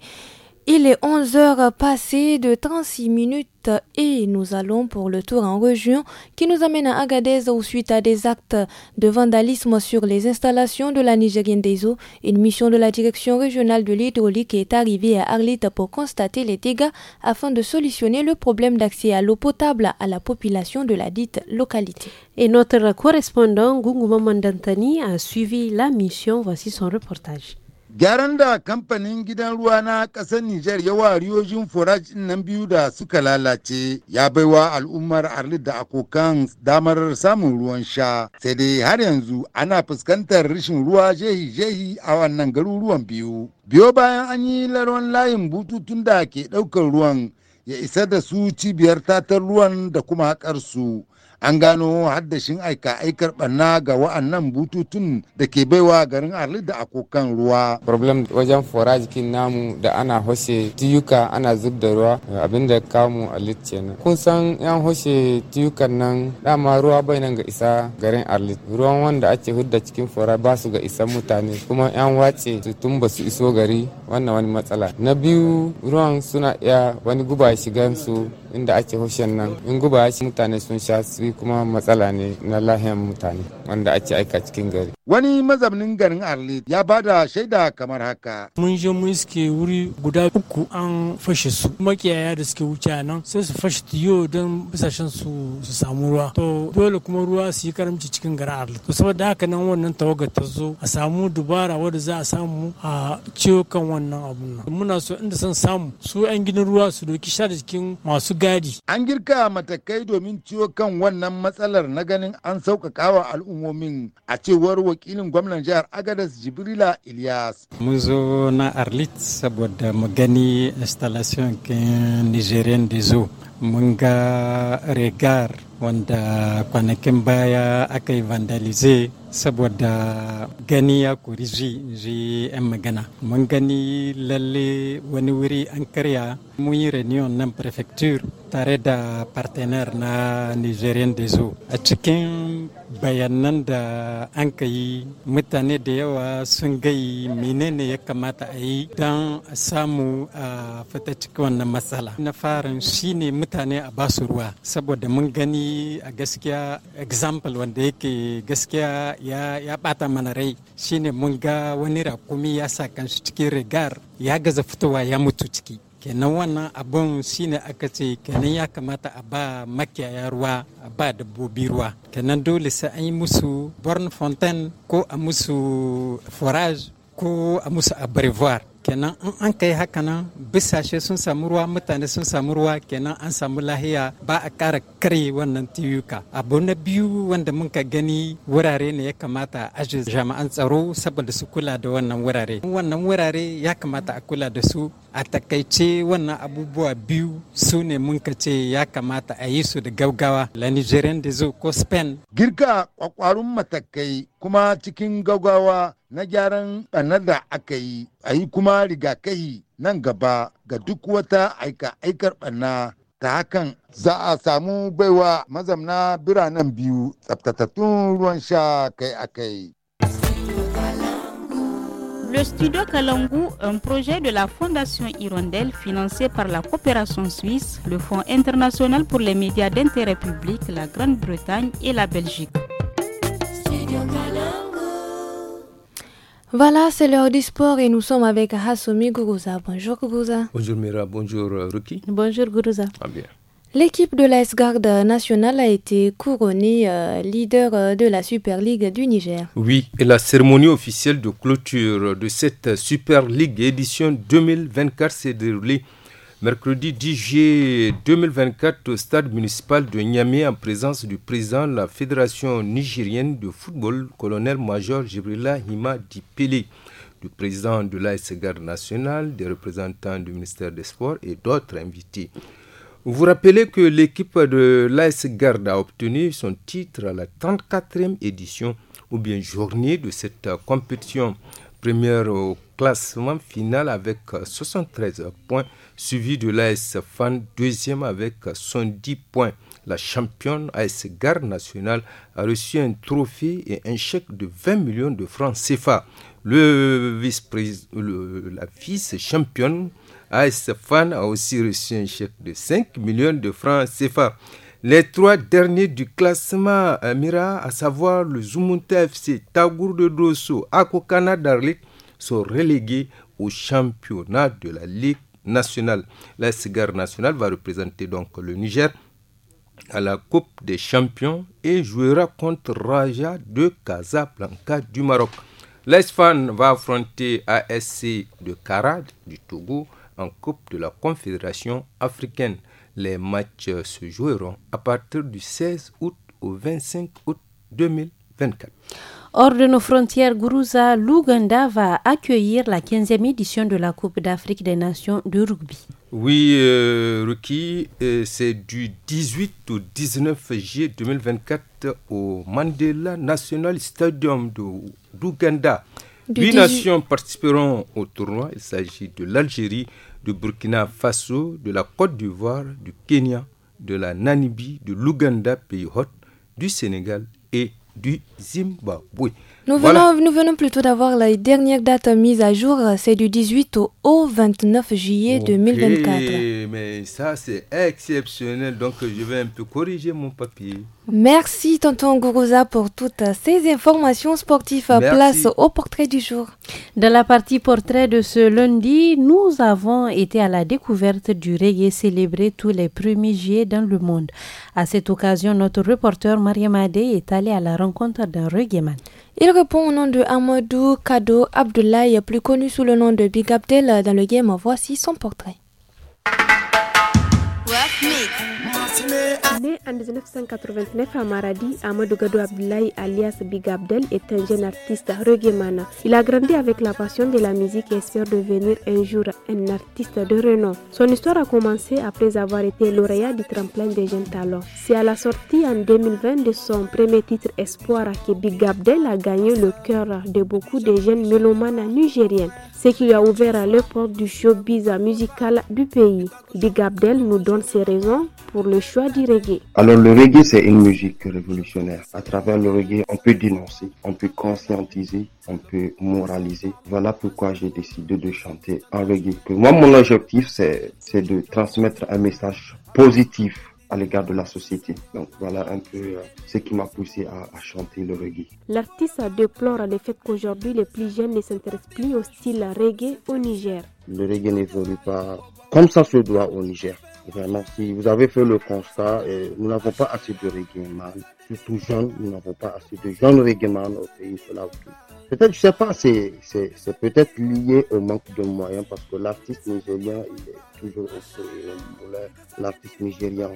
Il est 11h passé de 36 minutes et nous allons pour le tour en région qui nous amène à Agadez où suite à des actes de vandalisme sur les installations de la Nigérienne des eaux, une mission de la direction régionale de l'hydraulique est arrivée à Arlit pour constater les dégâts afin de solutionner le problème d'accès à l'eau potable à la population de la dite localité. Et notre correspondant Gungu Mandantani a suivi la mission. Voici son reportage. Gyaran da kamfanin gidan ruwa na ƙasar Nijar ya wa riyojin foraj nan biyu da suka lalace ya baiwa al'ummar Arlit da akokan damar samun ruwan sha. Sai dai har yanzu ana fuskantar rashin ruwa jehi-jehi a wannan garuruwan biyu. Biyo bayan an yi larwan layin bututun da ke ɗaukar ruwan ya isa da su cibiyar tatar ruwan da kuma haƙarsu. an gano haddashin aika aikar banna ga wa'annan bututun da ke baiwa garin arli da akokan ruwa problem wajen fora jikin namu da ana hoshe tiyuka ana zub da ruwa abinda kamu arlit kenan kun san yan hoshe tiyukan nan dama ruwa bai nan ga isa garin arlit ruwan wanda ake hudda cikin fora ba su ga isan mutane kuma yan wace tun ba su iso gari wannan wani matsala na biyu ruwan suna iya wani guba shigan su inda ake hoshen nan in guba shi mutane sun sha su kuma matsala ne na lahiyar mutane wanda ake aika cikin gari. Wani mazaunin garin Arle ya bada shaida kamar haka. Mun je mun suke wuri guda uku an fashe su. Makiyaya da suke wuce nan sai su fashe tiyo don bisashen su su samu ruwa. To dole kuma ruwa su yi karamci cikin garin Arle. To saboda haka nan wannan tawaga ta zo a samu dubara wadda za a samu a ciwo kan wannan abun nan. Muna so inda son samu su 'yan gidan ruwa su doki sha da cikin masu gadi. An girka matakai domin ciwo kan wannan wannan matsalar na ganin an sauƙaƙa wa al'ummomin a cewar wakilin gwamnan jihar agadas jibrila ilyas mun zo na arlit saboda mu gani installation kin nigerian de zo mun ga regar wanda kwanakin baya aka yi vandalize saboda gani ya kori ji 'yan magana mun gani lalle wani wuri an karya mun yi reunion nan prefecture tare da partenaire na nigerian dezo a cikin bayanan da an ka yi mutane da yawa sun gai menene ya kamata a yi don samu a fita cikin wannan matsala na farin shine mutane a basu ruwa saboda mun gani a gaskiya example wanda yake gaskiya ya bata mana rai shine mun ga wani rakumi ya sa kanshi cikin rigar ya gaza fitowa ya mutu ciki kenan wannan abun shine aka ce kenan ya kamata a ba makiyaya ruwa a ba dabbobi ruwa kenan dole sai an yi musu born fontaine ko a musu forage ko a musu abrevoir kenan in an kai haka nan bisashe sun samu ruwa mutane sun samu ruwa kenan an samu lahiya ba a ƙara karye wannan tiyuka abu na biyu wanda mun ka gani wurare ne ya kamata a jami'an tsaro saboda su kula da wannan wurare wannan wurare ya kamata a kula da su a takaice wannan abubuwa biyu su ne mun ka ce ya kamata a yi su da gaugawa la nigerian da ko spain girka kwakwarun matakai kuma cikin gaugawa na gyaran ɓannar da aka yi a yi kuma rigakahi nan gaba ga duk wata aika-aikar ɓanna ta hakan za a samu baiwa mazamna biranen biyu tsabtatattun ruwan sha kai Le studio Kalangu, un projet de la Fondation Hirondelle financé par la coopération suisse, le Fonds international pour les médias d'intérêt public, la Grande-Bretagne et la Belgique. Voilà, c'est l'heure du sport et nous sommes avec Hassoumi Gourouza. Bonjour Gourouza. Bonjour Mira, bonjour euh, Ruki. Bonjour Guruza. Ah bien. L'équipe de la nationale a été couronnée euh, leader euh, de la Super League du Niger. Oui, et la cérémonie officielle de clôture de cette Super League édition 2024 s'est déroulée Mercredi 10 juillet 2024 au stade municipal de Niamey en présence du président de la Fédération nigérienne de football, colonel-major Jibrila Hima Dipele, du président de l'AS Garde nationale, des représentants du ministère des Sports et d'autres invités. Vous, vous rappelez que l'équipe de l'AS Garde a obtenu son titre à la 34e édition ou bien journée de cette compétition première au classement final avec 73 euh, points, suivi de l'AS Fan, deuxième avec 110 euh, points. La championne AS Gare Nationale a reçu un trophée et un chèque de 20 millions de francs CFA. Le vice la vice-championne AS Fan a aussi reçu un chèque de 5 millions de francs CFA. Les trois derniers du classement euh, Mira, à savoir le Zumunta FC, Tagour de Dosso, Akokana Darlik, sont relégués au championnat de la Ligue nationale. La cigare nationale va représenter donc le Niger à la Coupe des champions et jouera contre Raja de Casablanca du Maroc. L'ESFAN va affronter ASC de Karad du Togo en Coupe de la Confédération africaine. Les matchs se joueront à partir du 16 août au 25 août 2024. Hors de nos frontières, Guruza, l'Ouganda va accueillir la 15e édition de la Coupe d'Afrique des Nations de rugby. Oui, euh, euh c'est du 18 au 19 juillet 2024 au Mandela National Stadium d'Ouganda. Huit nations participeront au tournoi. Il s'agit de l'Algérie, du Burkina Faso, de la Côte d'Ivoire, du Kenya, de la Namibie, de l'Ouganda, pays hôte, du Sénégal et du Zimbabwe. Nous venons, nous venons plutôt d'avoir la dernière date mise à jour, c'est du 18 au 29 juillet okay, 2024. Mais ça, c'est exceptionnel, donc je vais un peu corriger mon papier. Merci, tonton Gourouza, pour toutes ces informations sportives. à Place au portrait du jour. Dans la partie portrait de ce lundi, nous avons été à la découverte du reggae célébré tous les premiers juillet dans le monde. À cette occasion, notre reporter maria Adé est allé à la rencontre d'un reggae man. Il répond au nom de Amadou Kado Abdoulaye, plus connu sous le nom de Big Abdel dans le game. Voici son portrait. Né en 1989 à Maradi, Amadou Gadou Abdoulaye alias Big Abdel est un jeune artiste mana. Il a grandi avec la passion de la musique et espère devenir un jour un artiste de renom. Son histoire a commencé après avoir été lauréat du tremplin des jeunes talents. C'est à la sortie en 2020 de son premier titre Espoir que Big Abdel a gagné le cœur de beaucoup de jeunes mélomanes nigériennes. C'est qui a ouvert à portes du showbiz musical du pays. gabdel nous donne ses raisons pour le choix du reggae. Alors le reggae, c'est une musique révolutionnaire. À travers le reggae, on peut dénoncer, on peut conscientiser, on peut moraliser. Voilà pourquoi j'ai décidé de chanter en reggae. Moi, mon objectif, c'est de transmettre un message positif à l'égard de la société. Donc voilà un peu euh, ce qui m'a poussé à, chanter le reggae. L'artiste déplore le fait qu'aujourd'hui les plus jeunes ne s'intéressent plus au style reggae au Niger. Le reggae n'évolue pas comme ça se doit au Niger. Vraiment, si vous avez fait le constat, euh, nous n'avons pas assez de reggae man. Surtout jeunes, nous n'avons pas assez de jeunes reggae man au pays. Cela Peut-être, je sais pas, c'est peut-être lié au manque de moyens parce que l'artiste nigérien, il est toujours l'artiste nigérien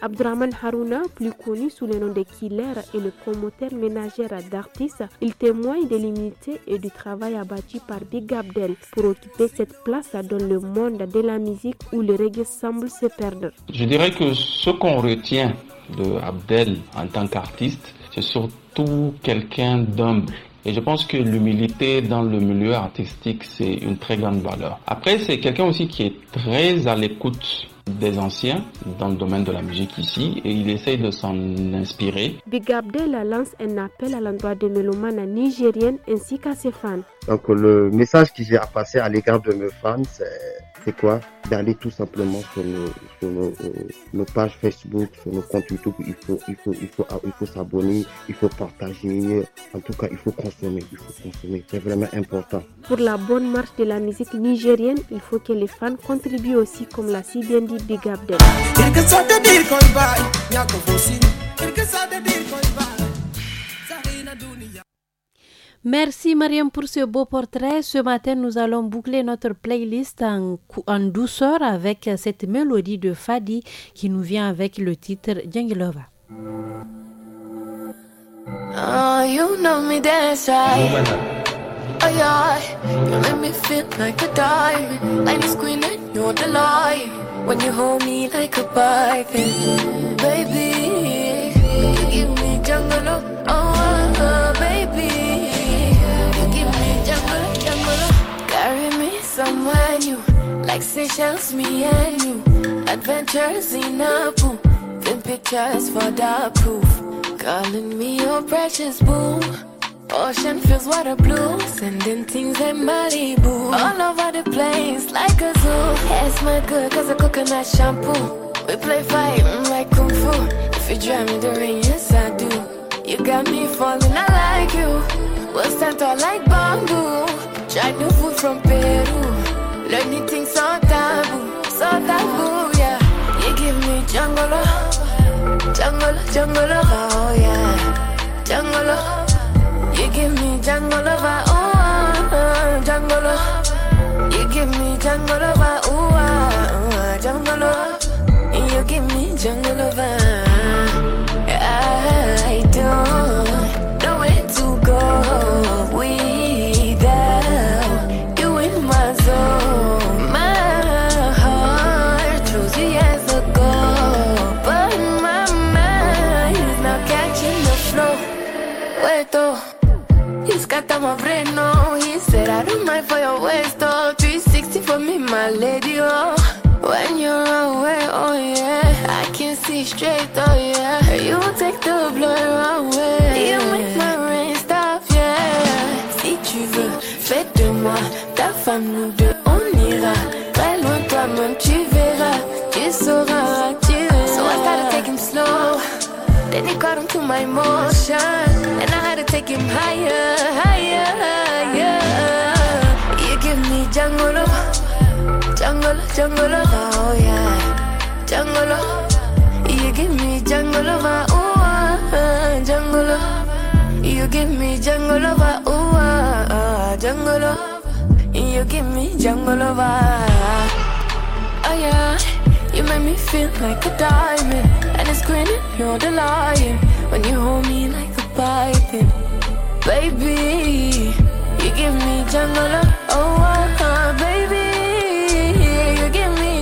Abdurrahman Haruna, plus connu sous le nom de Killer, et le promoteur ménagère d'artistes. Il témoigne de limites et du travail abattu par Big Abdel pour occuper cette place dans le monde de la musique où le reggae semble se perdre. Je dirais que ce qu'on retient de Abdel en tant qu'artiste, c'est surtout quelqu'un d'homme. Et je pense que l'humilité dans le milieu artistique, c'est une très grande valeur. Après, c'est quelqu'un aussi qui est très à l'écoute des anciens dans le domaine de la musique ici et il essaye de s'en inspirer. Big Abdel lance un appel à l'endroit des mélomanes nigériennes ainsi qu'à ses fans. Donc le message que j'ai à passer à l'égard de mes fans, c'est c'est quoi D'aller tout simplement sur euh, nos, pages Facebook, sur nos comptes YouTube. Il faut, il faut, il faut, ah, il faut s'abonner, il faut partager. En tout cas, il faut consommer, il faut consommer. C'est vraiment important. Pour la bonne marche de la musique nigérienne, il faut que les fans contribuent aussi, comme l'a si bien dit Big Abdel. Merci Mariam pour ce beau portrait. Ce matin, nous allons boucler notre playlist en, douceur avec cette mélodie de Fadi qui nous vient avec le titre Djangilova. Oh, ah, you know me dance right. Oh yeah, you make me feel like a dive, Like a queen and you're the life When you hold me like a bike, baby, you give me jungle. Oh. oh. Like seashells, me and you. Adventures in a pool. Then pictures for the proof. Calling me your precious boo. Ocean feels water blue. Sending things in Malibu. All over the place, like a zoo. Yes, my good, cause I coconut shampoo. We play fight like kung fu. If you drive me the rain, yes I do. You got me falling, I like you. We'll stand tall like bamboo. Try new food from Peru. Learning things so taboo, so taboo, yeah. You give me jungle, jungle, jungle lover, oh yeah. Jungle, you give me jungle lover, oh, oh jungle. You give me jungle lover, oh, oh jungle. You give me jungle lover. my lady, oh When you're away, oh yeah I can see straight, oh yeah You take the blur away You make my rain stop, yeah Si tu veux, fais de moi Ta femme, nous deux, on ira Très loin toi-même, tu verras Tu sauras, tu verras So I started taking slow Then he caught on to my emotion And I had to take him higher, higher, higher You give me jungle jungle, jungle lover, oh yeah, jungle lover. You give me jungle lover, oh ah, jungle lover. You give me jungle lover, oh ah, jungle lover. You give me jungle lover, oh yeah. You make me feel like a diamond, and it's grinning, you're the lion when you hold me like a python, baby. You give me jungle, love, oh, uh, baby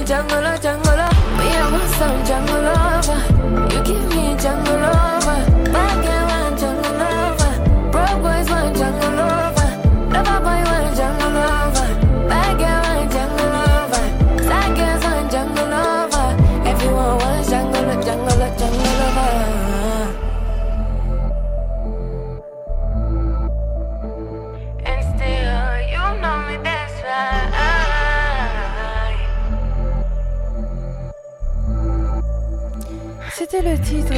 jungle, love, jungle. Me, I want some jungle love. You give me jungle love. le titre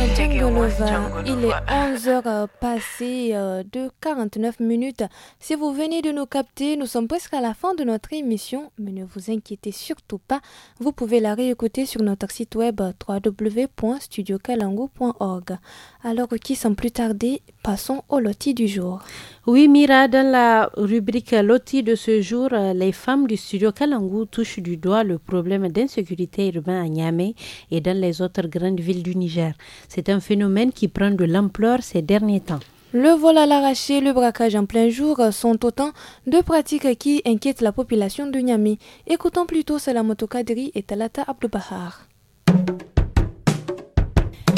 Il est 11h euh, passé euh, de 49 minutes. Si vous venez de nous capter, nous sommes presque à la fin de notre émission, mais ne vous inquiétez surtout pas. Vous pouvez la réécouter sur notre site web euh, www.studiocalango.org. Alors, qui sans plus tarder, au loti du jour. Oui, Mira, dans la rubrique loti de ce jour, euh, les femmes du studio Kalangu touchent du doigt le problème d'insécurité urbaine à Niamey et dans les autres grandes villes du Niger. C'est un phénomène qui prend de l'ampleur ces derniers temps. Le vol à l'arraché, le braquage en plein jour sont autant de pratiques qui inquiètent la population de Niamey. Écoutons plutôt Salamoto Kadri et Talata Abdoubahar.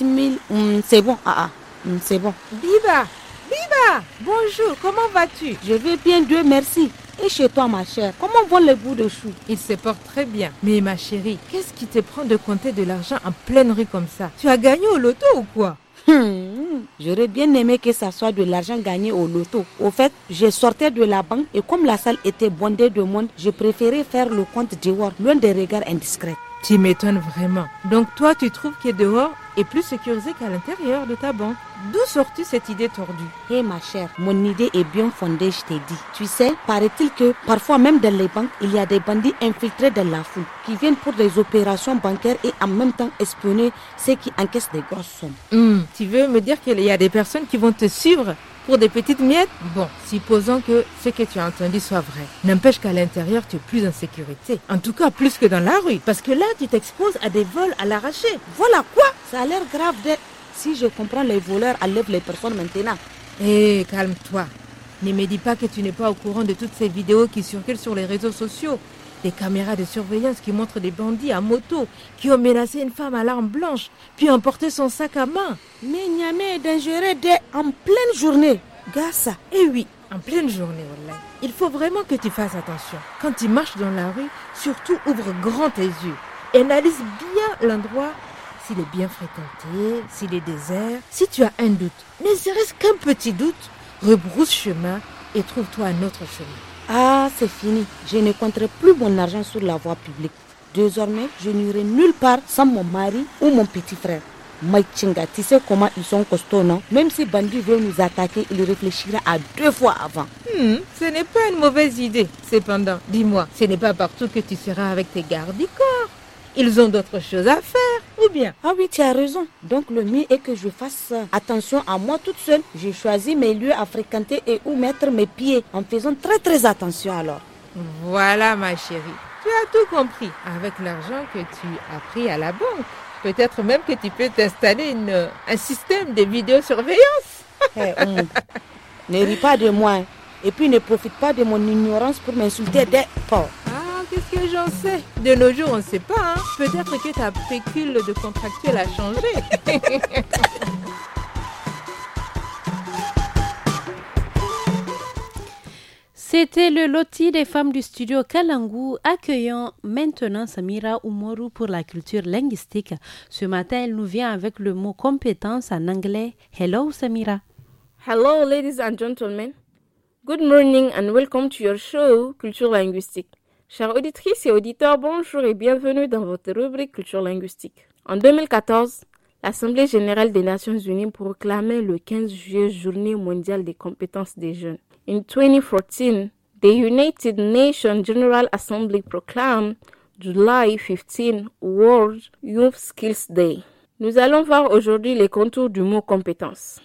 Mm, c'est bon. Ah, ah, mm, c'est bon. viva Biba, bonjour, comment vas-tu Je vais bien, Dieu merci. Et chez toi, ma chère, comment vont les bouts de chou Ils se portent très bien. Mais ma chérie, qu'est-ce qui te prend de compter de l'argent en pleine rue comme ça Tu as gagné au loto ou quoi hmm, J'aurais bien aimé que ça soit de l'argent gagné au loto. Au fait, je sortais de la banque et comme la salle était bondée de monde, je préférais faire le compte dehors, loin des regards indiscrets. Tu m'étonnes vraiment. Donc toi, tu trouves que dehors est plus sécurisé qu'à l'intérieur de ta banque. D'où sort-tu cette idée tordue Hé eh, ma chère, mon idée est bien fondée, je t'ai dit. Tu sais, paraît-il que parfois même dans les banques, il y a des bandits infiltrés dans la foule qui viennent pour des opérations bancaires et en même temps espionner ceux qui encaissent des grosses sommes. Hmm, tu veux me dire qu'il y a des personnes qui vont te suivre pour des petites miettes, bon, supposons que ce que tu as entendu soit vrai. N'empêche qu'à l'intérieur, tu es plus en sécurité. En tout cas, plus que dans la rue. Parce que là, tu t'exposes à des vols à l'arraché. Voilà quoi Ça a l'air grave de... Si je comprends, les voleurs enlèvent les personnes maintenant. Hé, eh, calme-toi. Ne me dis pas que tu n'es pas au courant de toutes ces vidéos qui circulent sur les réseaux sociaux des caméras de surveillance qui montrent des bandits à moto qui ont menacé une femme à l'arme blanche, puis emporté son sac à main. Mais Niamey est dangereux dès en pleine journée. Gassa. Eh oui, en pleine journée, Il faut vraiment que tu fasses attention. Quand tu marches dans la rue, surtout ouvre grand tes yeux. analyse bien l'endroit, s'il est bien fréquenté, s'il est désert. Si tu as un doute, ne serait-ce qu'un petit doute, rebrousse chemin et trouve-toi un autre chemin. Ah, c'est fini. Je ne compterai plus mon argent sur la voie publique. Désormais, je n'irai nulle part sans mon mari ou mon petit frère. Mike Chinga, tu sais comment ils sont costauds, non Même si Bandi veut nous attaquer, il réfléchira à deux fois avant. Hmm, ce n'est pas une mauvaise idée. Cependant, dis-moi, ce n'est pas partout que tu seras avec tes gardes ils ont d'autres choses à faire. Ou bien Ah oui, tu as raison. Donc le mieux est que je fasse euh, attention à moi toute seule. Je choisis mes lieux à fréquenter et où mettre mes pieds en faisant très très attention alors. Voilà ma chérie. Tu as tout compris avec l'argent que tu as pris à la banque. Peut-être même que tu peux t'installer une, euh, un système de vidéosurveillance. Eh, hum. Ne ris pas de moi. Hein. Et puis ne profite pas de mon ignorance pour m'insulter des pauvres. Qu'est-ce que j'en sais De nos jours, on ne sait pas. Hein. Peut-être que ta pécule de contractuel a changé. C'était le loti des femmes du studio Kalangu accueillant maintenant Samira Umoru pour la culture linguistique. Ce matin, elle nous vient avec le mot compétence en anglais. Hello Samira. Hello ladies and gentlemen. Good morning and welcome to your show Culture Linguistique. Chères auditrices et auditeurs, bonjour et bienvenue dans votre rubrique culture linguistique. En 2014, l'Assemblée générale des Nations unies proclamait le 15 juillet Journée mondiale des compétences des jeunes. In 2014, the United Nations General Assembly proclaimed July 15 World Youth Skills Day. Nous allons voir aujourd'hui les contours du mot compétence.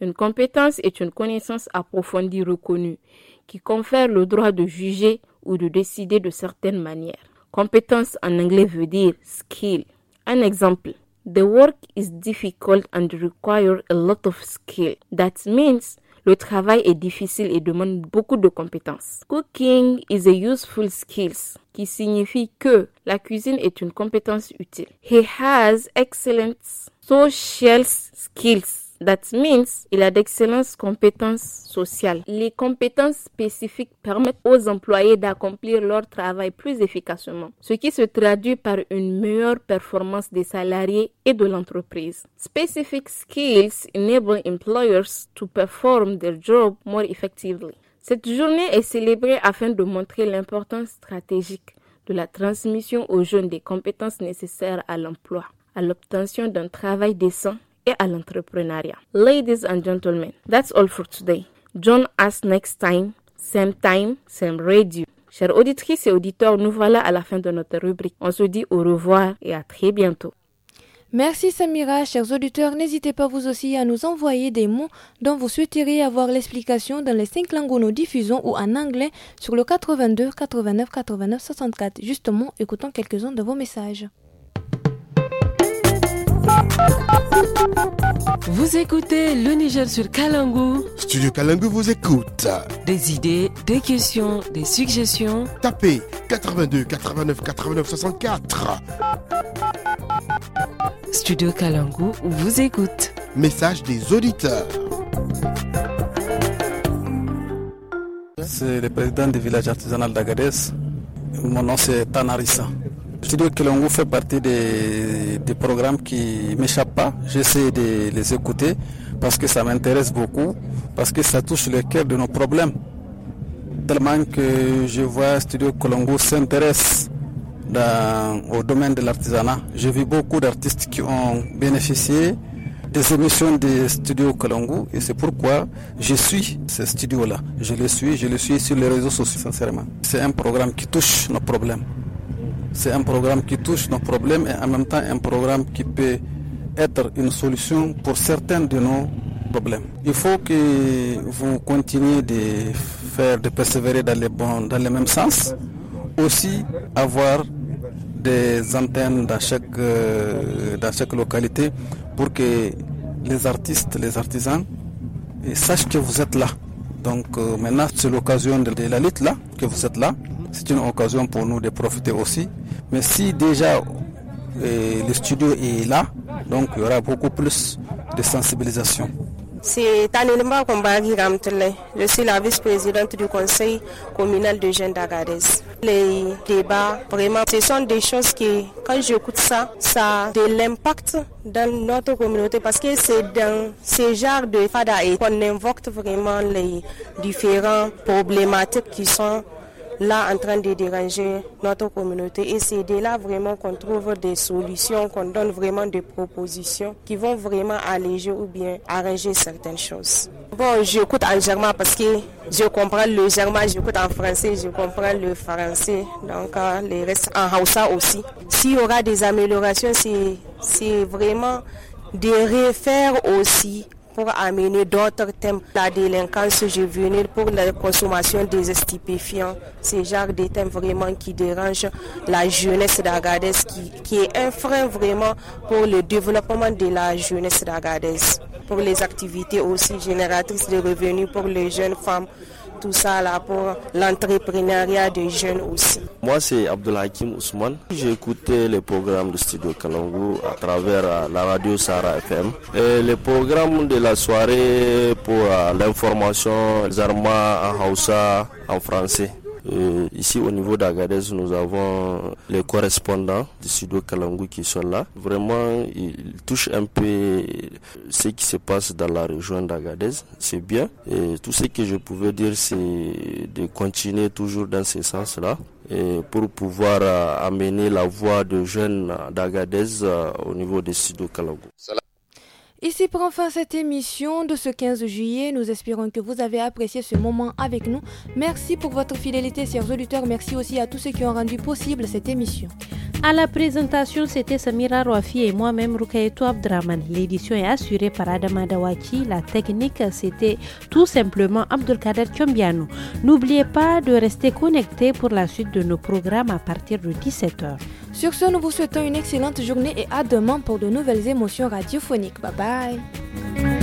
Une compétence est une connaissance approfondie reconnue qui confère le droit de juger, ou de décider de certaines manières. Compétence en anglais veut dire skill. Un exemple. The work is difficult and requires a lot of skill. That means le travail est difficile et demande beaucoup de compétences. Cooking is a useful skill, qui signifie que la cuisine est une compétence utile. He has excellent social skills. That means il a d'excellentes compétences sociales. Les compétences spécifiques permettent aux employés d'accomplir leur travail plus efficacement, ce qui se traduit par une meilleure performance des salariés et de l'entreprise. Specific skills enable employers to perform their job more effectively. Cette journée est célébrée afin de montrer l'importance stratégique de la transmission aux jeunes des compétences nécessaires à l'emploi, à l'obtention d'un travail décent et à l'entrepreneuriat. Ladies and gentlemen, that's all for today. Join us next time, same time, same radio. Chers auditrices et auditeurs, nous voilà à la fin de notre rubrique. On se dit au revoir et à très bientôt. Merci Samira, chers auditeurs, n'hésitez pas vous aussi à nous envoyer des mots dont vous souhaiteriez avoir l'explication dans les cinq langues où nous diffusons ou en anglais sur le 82 89 89 64. Justement, écoutons quelques-uns de vos messages. Vous écoutez le Niger sur Kalangou. Studio Kalangou vous écoute. Des idées, des questions, des suggestions. Tapez 82 89 89 64. Studio Kalangou vous écoute. Message des auditeurs. C'est le président des villages artisanal d'Agadez. Mon nom c'est Tanarissa. Studio Colongo fait partie des, programmes qui ne m'échappent pas. J'essaie de les écouter parce que ça m'intéresse beaucoup, parce que ça touche le cœur de nos problèmes. Tellement que je vois Studio Colongo s'intéresse au domaine de l'artisanat. J'ai vu beaucoup d'artistes qui ont bénéficié des émissions de studio Colongo et c'est pourquoi je suis ce studio-là. Je le suis, je le suis sur les réseaux sociaux, sincèrement. C'est un programme qui touche nos problèmes. C'est un programme qui touche nos problèmes et en même temps un programme qui peut être une solution pour certains de nos problèmes. Il faut que vous continuiez de faire, de persévérer dans les dans le même sens. Aussi avoir des antennes dans chaque, euh, dans chaque localité pour que les artistes, les artisans sachent que vous êtes là. Donc euh, maintenant, c'est l'occasion de la lutte là, que vous êtes là c'est une occasion pour nous de profiter aussi. Mais si déjà euh, le studio est là, donc il y aura beaucoup plus de sensibilisation. C'est Tanilma Kombagi Je suis la vice-présidente du conseil communal de jeunes Les débats, vraiment, ce sont des choses qui, quand j'écoute ça, ça a de l'impact dans notre communauté parce que c'est dans ce genre de fadaï qu'on invoque vraiment les différentes problématiques qui sont là en train de déranger notre communauté. Et c'est de là vraiment qu'on trouve des solutions, qu'on donne vraiment des propositions qui vont vraiment alléger ou bien arranger certaines choses. Bon, j'écoute en germain parce que je comprends le germain, j'écoute en français, je comprends le français, donc euh, les restes en haussa aussi. S'il y aura des améliorations, c'est vraiment de refaire aussi pour amener d'autres thèmes, la délinquance juvénile pour la consommation des stupéfiants. ce genre de thèmes vraiment qui dérange la jeunesse d'Agadez, qui, qui, est un frein vraiment pour le développement de la jeunesse d'Agadez, pour les activités aussi génératrices de revenus pour les jeunes femmes tout ça là pour l'entrepreneuriat des jeunes aussi. Moi, c'est Hakim Ousmane. J'ai écouté les programmes de Studio Kalangu à travers euh, la radio Sarah FM. Et le programme de la soirée pour euh, l'information, les armes en Hausa, en français. Euh, ici au niveau d'Agadez, nous avons les correspondants du sud Kalangou qui sont là. Vraiment, ils touchent un peu ce qui se passe dans la région d'Agadez. C'est bien. tout ce que je pouvais dire, c'est de continuer toujours dans ce sens-là. pour pouvoir euh, amener la voix de jeunes d'Agadez euh, au niveau des sido Kalangou. Ici prend pour cette émission de ce 15 juillet. Nous espérons que vous avez apprécié ce moment avec nous. Merci pour votre fidélité, chers auditeurs. Merci aussi à tous ceux qui ont rendu possible cette émission. À la présentation, c'était Samira Rouafi et moi-même Rukayetou Abdraman. L'édition est assurée par Adama Dawachi. La technique, c'était tout simplement Abdelkader Tchombiano. N'oubliez pas de rester connecté pour la suite de nos programmes à partir de 17h. Sur ce, nous vous souhaitons une excellente journée et à demain pour de nouvelles émotions radiophoniques. Bye bye. Bye.